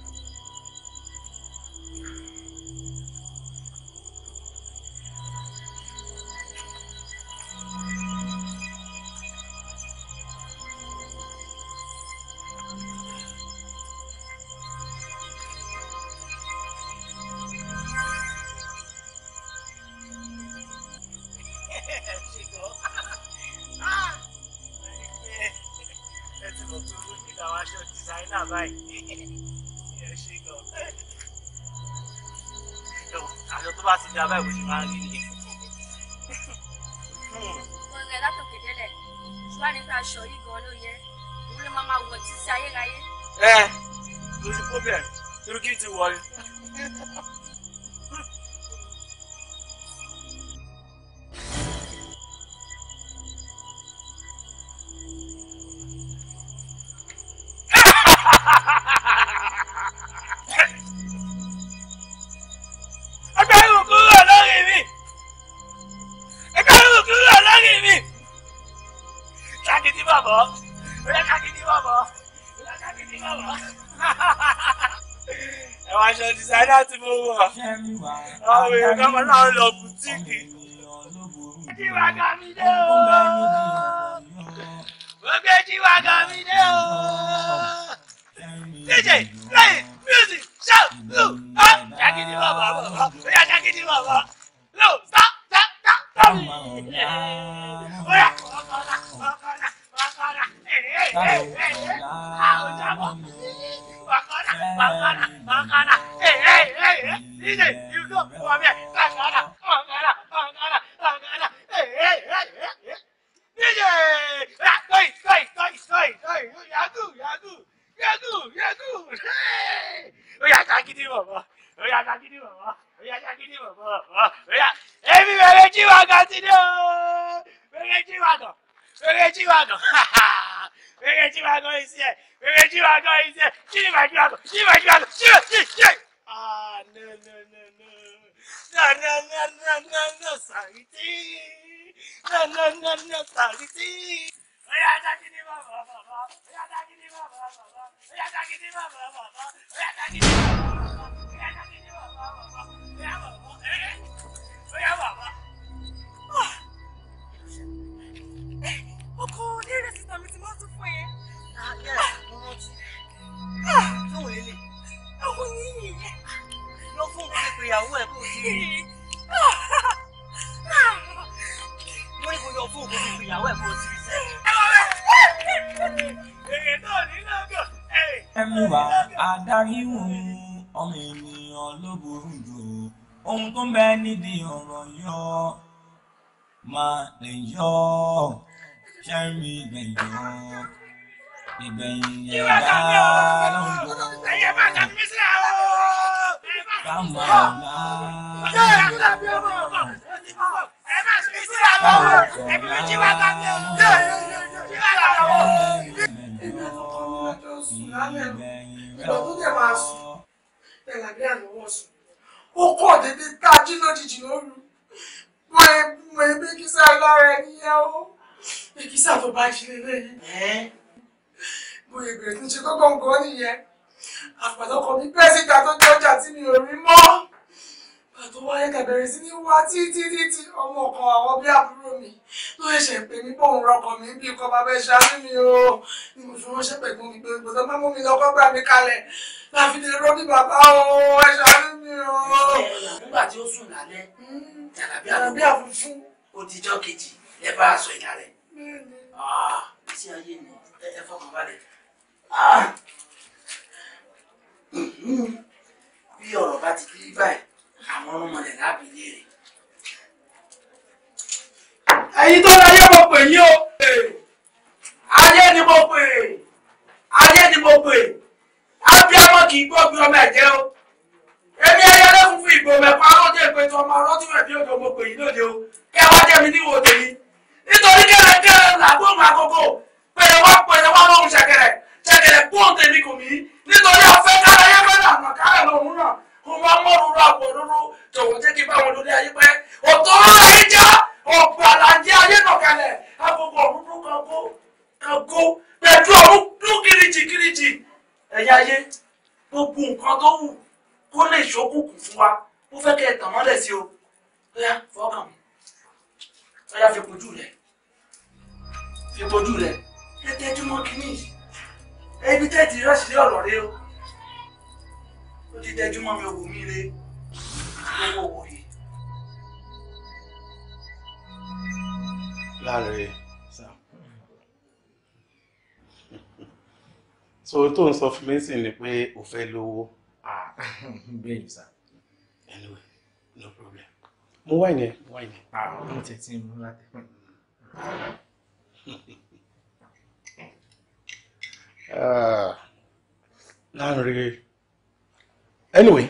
Hello títí. Ó yá, jákè tó ń bẹ nídìí ọ̀rọ̀ yọ máa lè yọ ṣẹ́rí lè yọ ìgbẹ̀yìn ẹ̀dá lọ́wọ́ ká máa lá. Ìgbẹ̀yìn rẹ̀ ọ̀ ó kọ̀ dédé tají lójijì lóru mo ẹ mo ẹ bí kísà lára ẹni yẹn o ìkísà tó bá ṣe lélẹ́yìn mo yẹ bẹ̀rẹ̀ tí ń ṣe kọ́kọ́ nǹkan nìyẹn àpàtọ́kọ mi bẹ́ẹ̀ síta tó jọjà tí mi ò rí mọ́ àtọwọ́ ayẹ́kẹ́ bẹ̀rẹ̀ sí ní wá títí títí ọmọ kan àwọn bí àbúrò mi ló ṣẹ̀ṣẹ̀ pè mí bóun rọkàn mi bí ikọ̀ bàbá ẹ̀ṣẹ̀ àmì mi o ni mo fi ránṣẹ́ pẹ̀ fún mi pé gbọ́dọ̀ má mú mi lọ́kọ́ gbà mí kalẹ̀ láfi lè rọ́ bí bàbá o ẹ̀ṣẹ̀ àmì mi o. nígbà tí ó sùn lálẹ́ jàlábí àfúnfún òdìjọ́ kejì ẹ bá aṣọ ìlà rẹ̀ ah, sí ayé ni ẹ fọkàn balẹ̀ ah, mhm. bí ọ̀rọ̀ bá ti kiri báyìí àwọn ọmọdé láàbì léèrè. ẹ̀yin tó láyé mo pè yín o ayé ni mo pè ayé ni mo pè ábíámọ́ kì í gbóbi ọmọ ẹ̀jẹ̀ o èmi ayẹlẹ funfun ìgbò mẹ́fà ọlọ́dẹ ìpẹ̀tù ọmọ ọlọ́tìwẹ̀ bí òjò mo pè yín lóde o kẹ́ wá jẹ́ mi níwò tèmi nítorí kẹ́rẹ́kẹ́rẹ́ làgbóhùn àkókò pèrè wá pèrè wá lóhùn ṣẹ̀kẹ̀rẹ̀ ṣẹ̀kẹ̀rẹ̀ kúhùn tèmi kò mí nítorí afẹ́ kára yẹ́fẹ́ lànà kárẹ̀ lòún náà mo máa mọ òrùrù àpò òrùrù tòun jẹ́ kí bá wọn lórí ayé pẹ́ òtò ọ̀rọ̀ ìjà ọ̀gbàlàjẹ́ ayé nàkàlẹ̀ agogo òrùrù kango kango pẹ̀lú òrùrù kìrìjì kìrìjì ẹ̀yà ayé gbogbo nǹkan tó wù kó lè ṣókùnkùn fún wa ó fẹ́ kẹ́ ẹ tàn mọ́lẹ̀ sí o ọ̀yà fọ́ọ̀kàn ọ̀yà fi rẹ̀ fi rẹ̀ ẹ tẹ́jú mọ́ kínní ẹbí tẹ́tì rẹ̀ sílẹ̀ ti tẹ́jú mọ́ mi ò wò mí re owó wò yìí. láre so tó ń sọ fún mi sì ni pé o fẹ́ lówó. bẹ́ẹ̀ ni sá. anyway no problem mo wá yẹn mo wá yẹn. àwọn ọmọ tẹ̀sí mi láti. Ah, láre anyway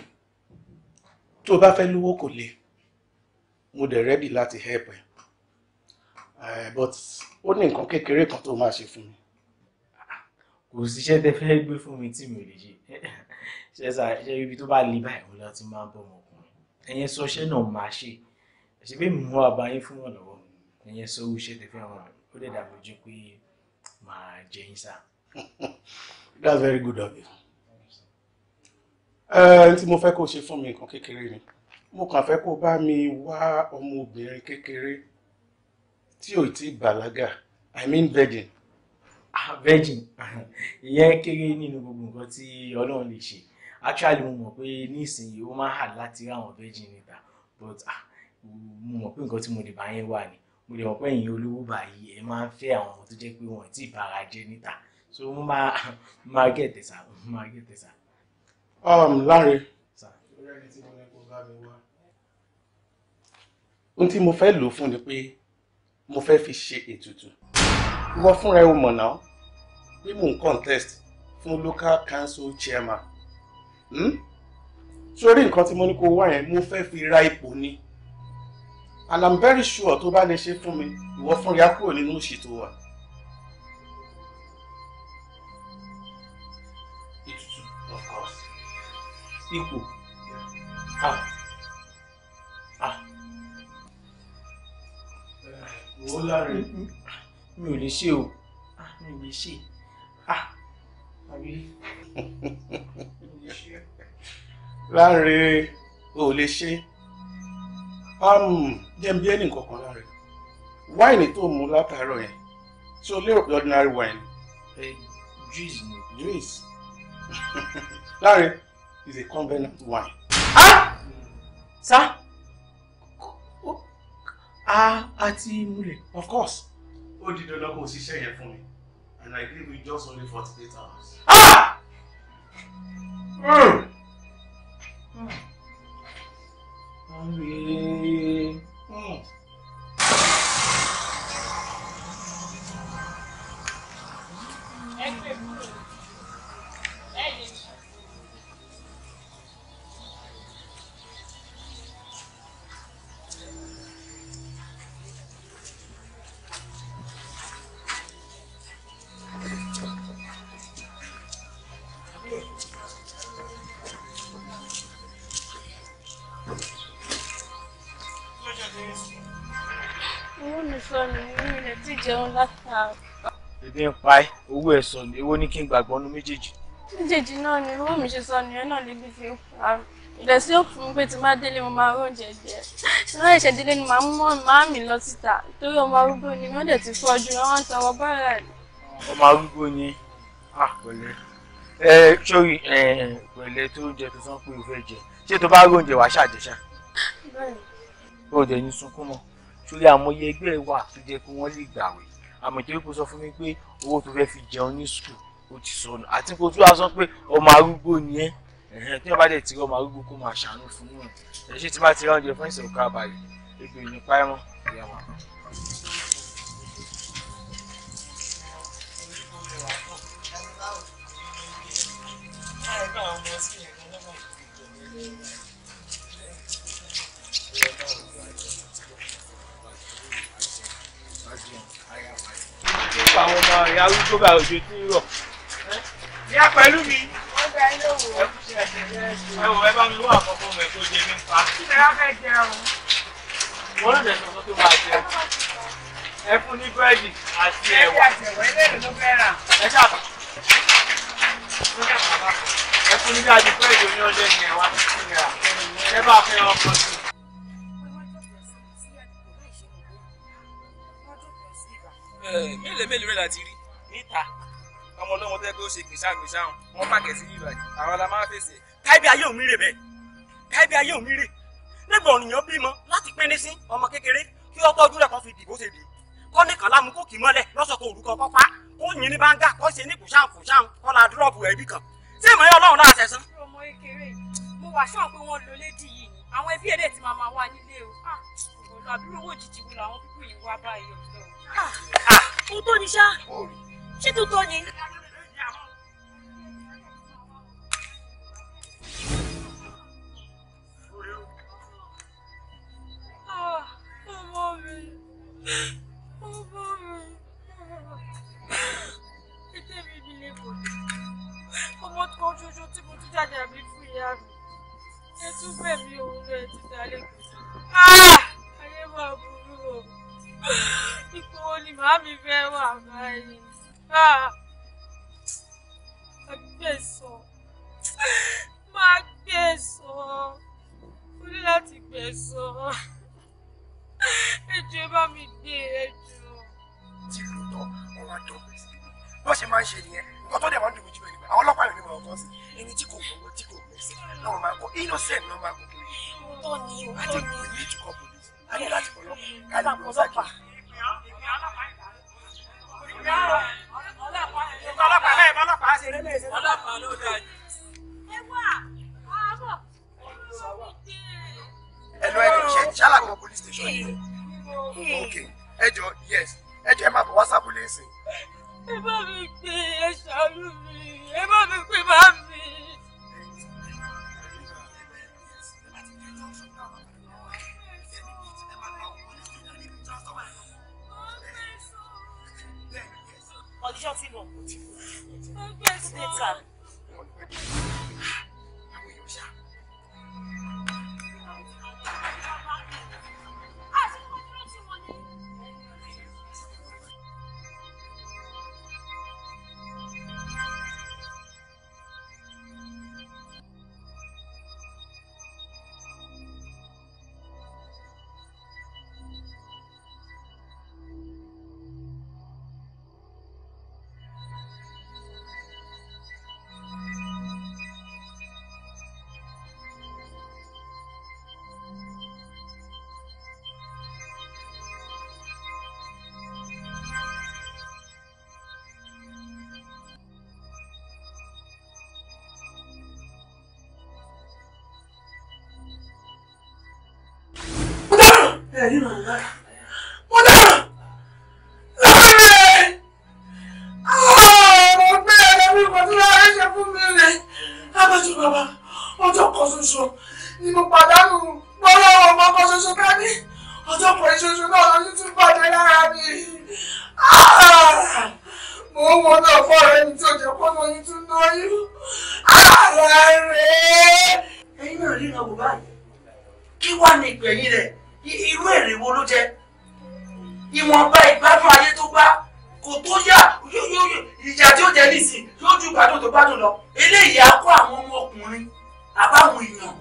tó o bá fẹ́ lówó kò le mo dẹ̀ rẹ́dì láti help ẹ eh, but ó ní nǹkan kékeré kan tó máa ṣe fún mi. kò síṣẹ́ tẹ fẹ́ gbé fún mi tí mi ò lè ṣe ṣe sá ṣe ibi tó bá le báyìí wọn láti máa bọ̀ ọmọkùnrin ẹ̀yẹn sọ iṣẹ́ náà máa ṣe ṣe pé mi mú àbáyé fún wọn ẹ̀yẹn sọ owó iṣẹ́ tẹ fẹ́ wọn ó lè dàbí ojú pé máa jẹ yín sá. that's very good of you ẹn tí mo fẹ́ kó ṣe fún mi nǹkan kékeré ni mo kàn fẹ́ kó bá mi wá ọmọbìnrin kékeré tí ò tí bàlágà i mean virgin. Ah, virgin ìyẹn kéré nínú gbogbo nǹkan tí ọlọ́run lè ṣe actually mo mọ̀ pé nísìnyí ó máa hà láti ráwọn virgin níta but ah, mo mọ̀ pé nǹkan tí mo lè bá yẹn wà ni mo lè mọ̀ pé ẹ̀yin olówó báyìí ẹ máa ń fẹ́ àwọn tó jẹ́ pé wọ́n ti bára jẹ́ níta so mo máa máa gẹ̀tẹ̀sà mo máa gẹ̀tẹ̀sà. Um, Láre n tí mo fẹ́ lò fún ni pé mo fẹ́ fi ṣe ètùtù wọ́n fúnra ẹ̀ mọ̀ náà pé mò ń contest fún local council chairman hmm? sórí nǹkan tí mo ní kó wá yẹn mo fẹ́ fi ra ipò ni and I'm very sure tó bá lè ṣe fún mi ìwọ fúnra kúrò nínú òṣì tó wà. ipò. Ah. Ah. Wò ó láre. Mi ò lè ṣe o. Ah, mi ò lè ṣe. Ah. Àbí. Láre o ò lè ṣe. Um, jẹ́ bí ẹnì kankan láre. Wáìnì tó mu látàárọ̀ yẹn tí o lérò pé ordinary wine. Eh, juice ni. Juice. Láre. is a convenient, wine. Ah! Sir? Ah, ati mule. of course. Ó did dandan kó o ṣiṣẹ́ yẹn fún mi and I give you just only forty eight hours. Ah! Mm. Mm. Mm. Mm. lọ nìyí ilẹ̀ tí jẹun látàá. Ebi ń pa ẹ́, owó ẹ̀ sọ ni, èwo ni kí n gbàgbọ́ nu méjèèjì. Méjèèjì náà ni owó mi ṣe sọ nìyẹn náà lébi fi ń pa mí. Ìdẹ̀ sí ó fún mi pé tí má délé mo máa róúnjẹ jẹ. Ṣùgbọ́n ìṣẹ̀ délé ni màá mú màá mi lọ síta torí ọmọ arúgbó ni wọ́n dẹ̀ ti fọ́ ọdún wọn tọwọ́ bọ́ọ̀rẹ̀ ni. Ọmọ arúgbó ni àpẹẹrẹ ẹ sórí pẹ̀lẹ́ tó ń jẹ tó sọ pé o fẹ́ jẹ ṣé tó bá róúnjẹ wàá ṣàjẹṣà. Bẹ́ẹ̀ni. O dẹ̀ ní sunkún mọ́ torí àmọye ẹgbẹ́ wà tó jẹ́ pé wọ́n lè gbàwé àmọ̀jẹ́ kò sọ fún mi pé owó tó fẹ́ fi jẹun ní sùkúl ó ti sọnù àti kò tún wá sọ pé ọmọ arúgbó ni ẹ ẹ̀hẹ́n tí wọ́n bá dẹ̀ ti rọ ọmọ arúgbó kó máa ṣàánú fún wọn ẹ ṣe tí bá ti ráńjẹ fún ìṣẹ̀lú kábàárẹ̀ egbò ìnípa ẹ̀wọ̀n ìyá wa. Thank you. pa àwọn ọmọ ìyá arúgbó bá òjò tí ń rọ̀. ìyá pẹ̀lú mi. ó dá ilé òwò. ẹ wò ẹ bá mi wá àkọ́kọ́ mọ̀ ẹ̀ kó jẹ mí pa. ṣé wàá fẹ́ jẹun? wọ́n lè dẹ̀sán tó tó máa jẹun. ẹ fún ní búrẹ́dì àti ẹ̀wà. ẹ ṣàtẹ̀wọ̀ ilé ìlú ló fẹ́ rà. ẹ fún ní bí a búrẹ́dì oní ọ̀dẹ̀ ẹ̀wà ẹ bá fẹ́ ọkọ̀ sí i. mélòó mélòó rẹ̀ láti rí níta ọmọ ọlọ́mọ tó yẹ kó ṣe gbèsà gbèsà hàn wọ́n pàkẹ́ sí ìlú àjẹ́ àwọn la máa fèsì. káìbí ayé òmí rè bẹ́ẹ̀ káìbí ayé òmí rè nígbà ọ̀nìyàn bímọ láti pín ní sí ọmọ kékeré kí ọkọ ojú rẹ̀ kan fi dìbò ṣe dì kọ́ ní kàn lámú kó kì í mọ́lẹ̀ lọ́sọ̀kọ̀ òrukàn kọ́ pa kó yìn ní báńgá kọ́ ṣe ní kùsàn kùsàn ni àwọn ẹbí èdè ti máa máa wá nílé o. Ah, ọ̀dọ̀ àbúrò owó òjijì wo làwọn pípọ̀ yìí wá báyìí ọ̀dọ́ ohun ah, ah. tó ní ṣá ṣé tó tọ́ ni. Ah, ọmọ mi ọmọ mi ètè mi nílé kò ní ọmọ kan ṣoṣo tí mo ti jáde àbí fún ìyá mi ẹ tún bẹ̀ mí òun rẹ̀ ti dalẹ̀ kò sí. ayé máa burú o ni màámi fẹ́ wà báyìí. Ah! Má gbé sọ. Má gbé sọ. Mo ní láti gbé sọ. Ẹjọ́ bá mi gbé ẹjọ́. Tí ló tọ́, wọ́n wá dọ̀ pé sí. Bọ́ ṣe máa ń ṣe nìyẹn, nǹkan tó dẹ̀ máa ń dùn mí jù ẹni pé àwọn ọlọ́pàá yóò ní mọ̀ ọkọ sí. Ẹni tí kò gbọ́ tí kò gbọ́ sí. Náà wọ́n máa kọ innocent náà máa kọ kiri. Tọ́ni o, tọ́ni. Àti ìgbìyànjú kọ̀ pọ̀lì. A ní láti kọ̀ lọ. Ká ọlọ́pàá náà ṣe lélẹ̀ ṣe police station yìí ok ẹ yes ẹ ẹ máa bọ wá sábúlé ẹ bá mi pè é ṣàánú ẹ bá mi pè máa mi. shut him up. Better. 你弄个。gbádùn tó gbádùn lọ eléyìí á kó àwọn ọmọ ọkùnrin àbáwọn èèyàn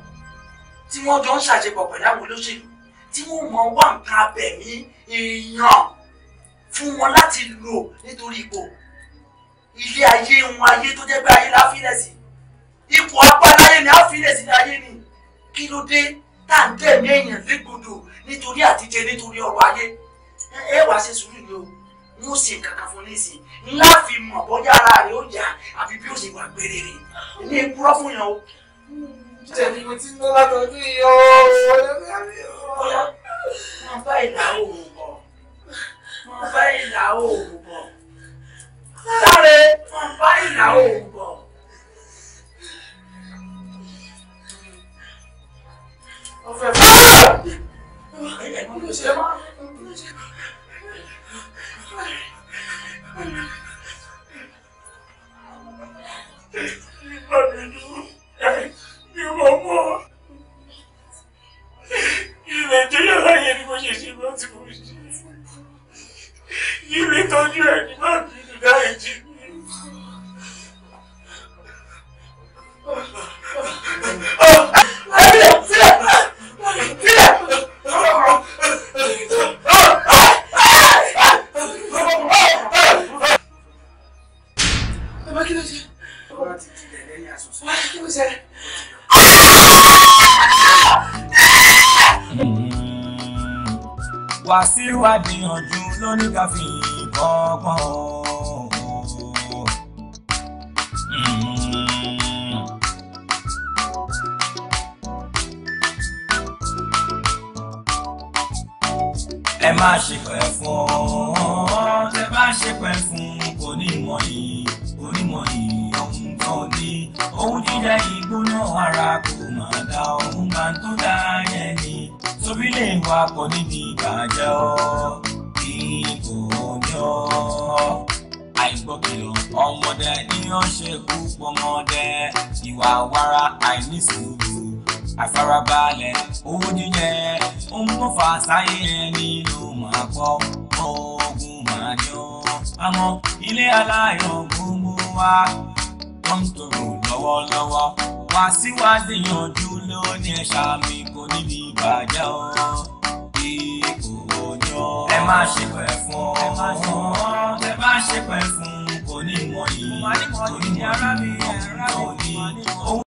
tí wọ́n jọ ń ṣàjẹpọ̀ pẹ̀lú àwọn olóṣèlú tí wọ́n mọ wá nǹkan abẹ̀mí èèyàn fún wọn láti lò nítorí ipò ilé ayé wọn ayé tó jẹ́ pé ayé la fi lẹ̀ sí ipò apáláyé ni a fi lẹ̀ sí ní ayé ni kí ló dé tá à ń tẹ̀mí èèyàn légbodò nítorí àtijẹ nítorí ọrọ̀ ayé ẹ wàá ṣe sùúrù ni o mo ṣe kankan fún nísìn láàfi mọ̀ bọ́jà ara rẹ̀ ó jà àfi bí ó ṣe wà gbére rẹ̀ ní ìpúrọ́ fún yàn o. jẹ̀bi mo ti ń lọ látọjú yìí o ọ̀yà máa bá ìlà oòrùn bọ̀ máa bá ìlà oòrùn bọ̀ sáré máa bá ìlà oòrùn bọ̀. ọ̀fẹ́ fún mi. ẹ̀ẹ́dẹ́gbọ́n ló ṣe máa Oh, I didn't, I didn't, Hmm. ló ṣẹlẹ̀. Wàsíù àdìyànjú lónìí ká fi gbọ́ngbọ́n o. Hmm. Ẹ má ṣe pẹ̀ fún ọ́, ẹ má ṣe pẹ̀ fún onímọ̀ yìí, onímọ̀ yìí ohun jíjà ìgbóná ara kò mà dá ohun bá ń tó dá yẹn ni sórílẹ̀ wa pọ̀ níbi ìbàjẹ́ ọ́ kí kò jọ àìgbọ́kìlọ̀ ọmọdé ní ọ̀ṣẹ́ kú pọ́mọdé ìwà wàrà àìnísùúrù àfarabalẹ̀ owó jíjẹ ohun tó fà sáyé ẹni ló máa pọ̀ ogun máa jọ àmọ́ ilé aláyọ̀ gbogbo wa wọ́n ń tọrọ lọ́wọ́ lọ́wọ́ wá síwájú yanjú lónìí ẹ ṣàmì kò níbi ìbàjẹ́ o ìkòyọ. ẹ má ṣe pẹ̀ fún ọ ẹ má ṣe pẹ̀ fún kò ní mọ̀ yìí kò ní mọ̀ yìí kò ní.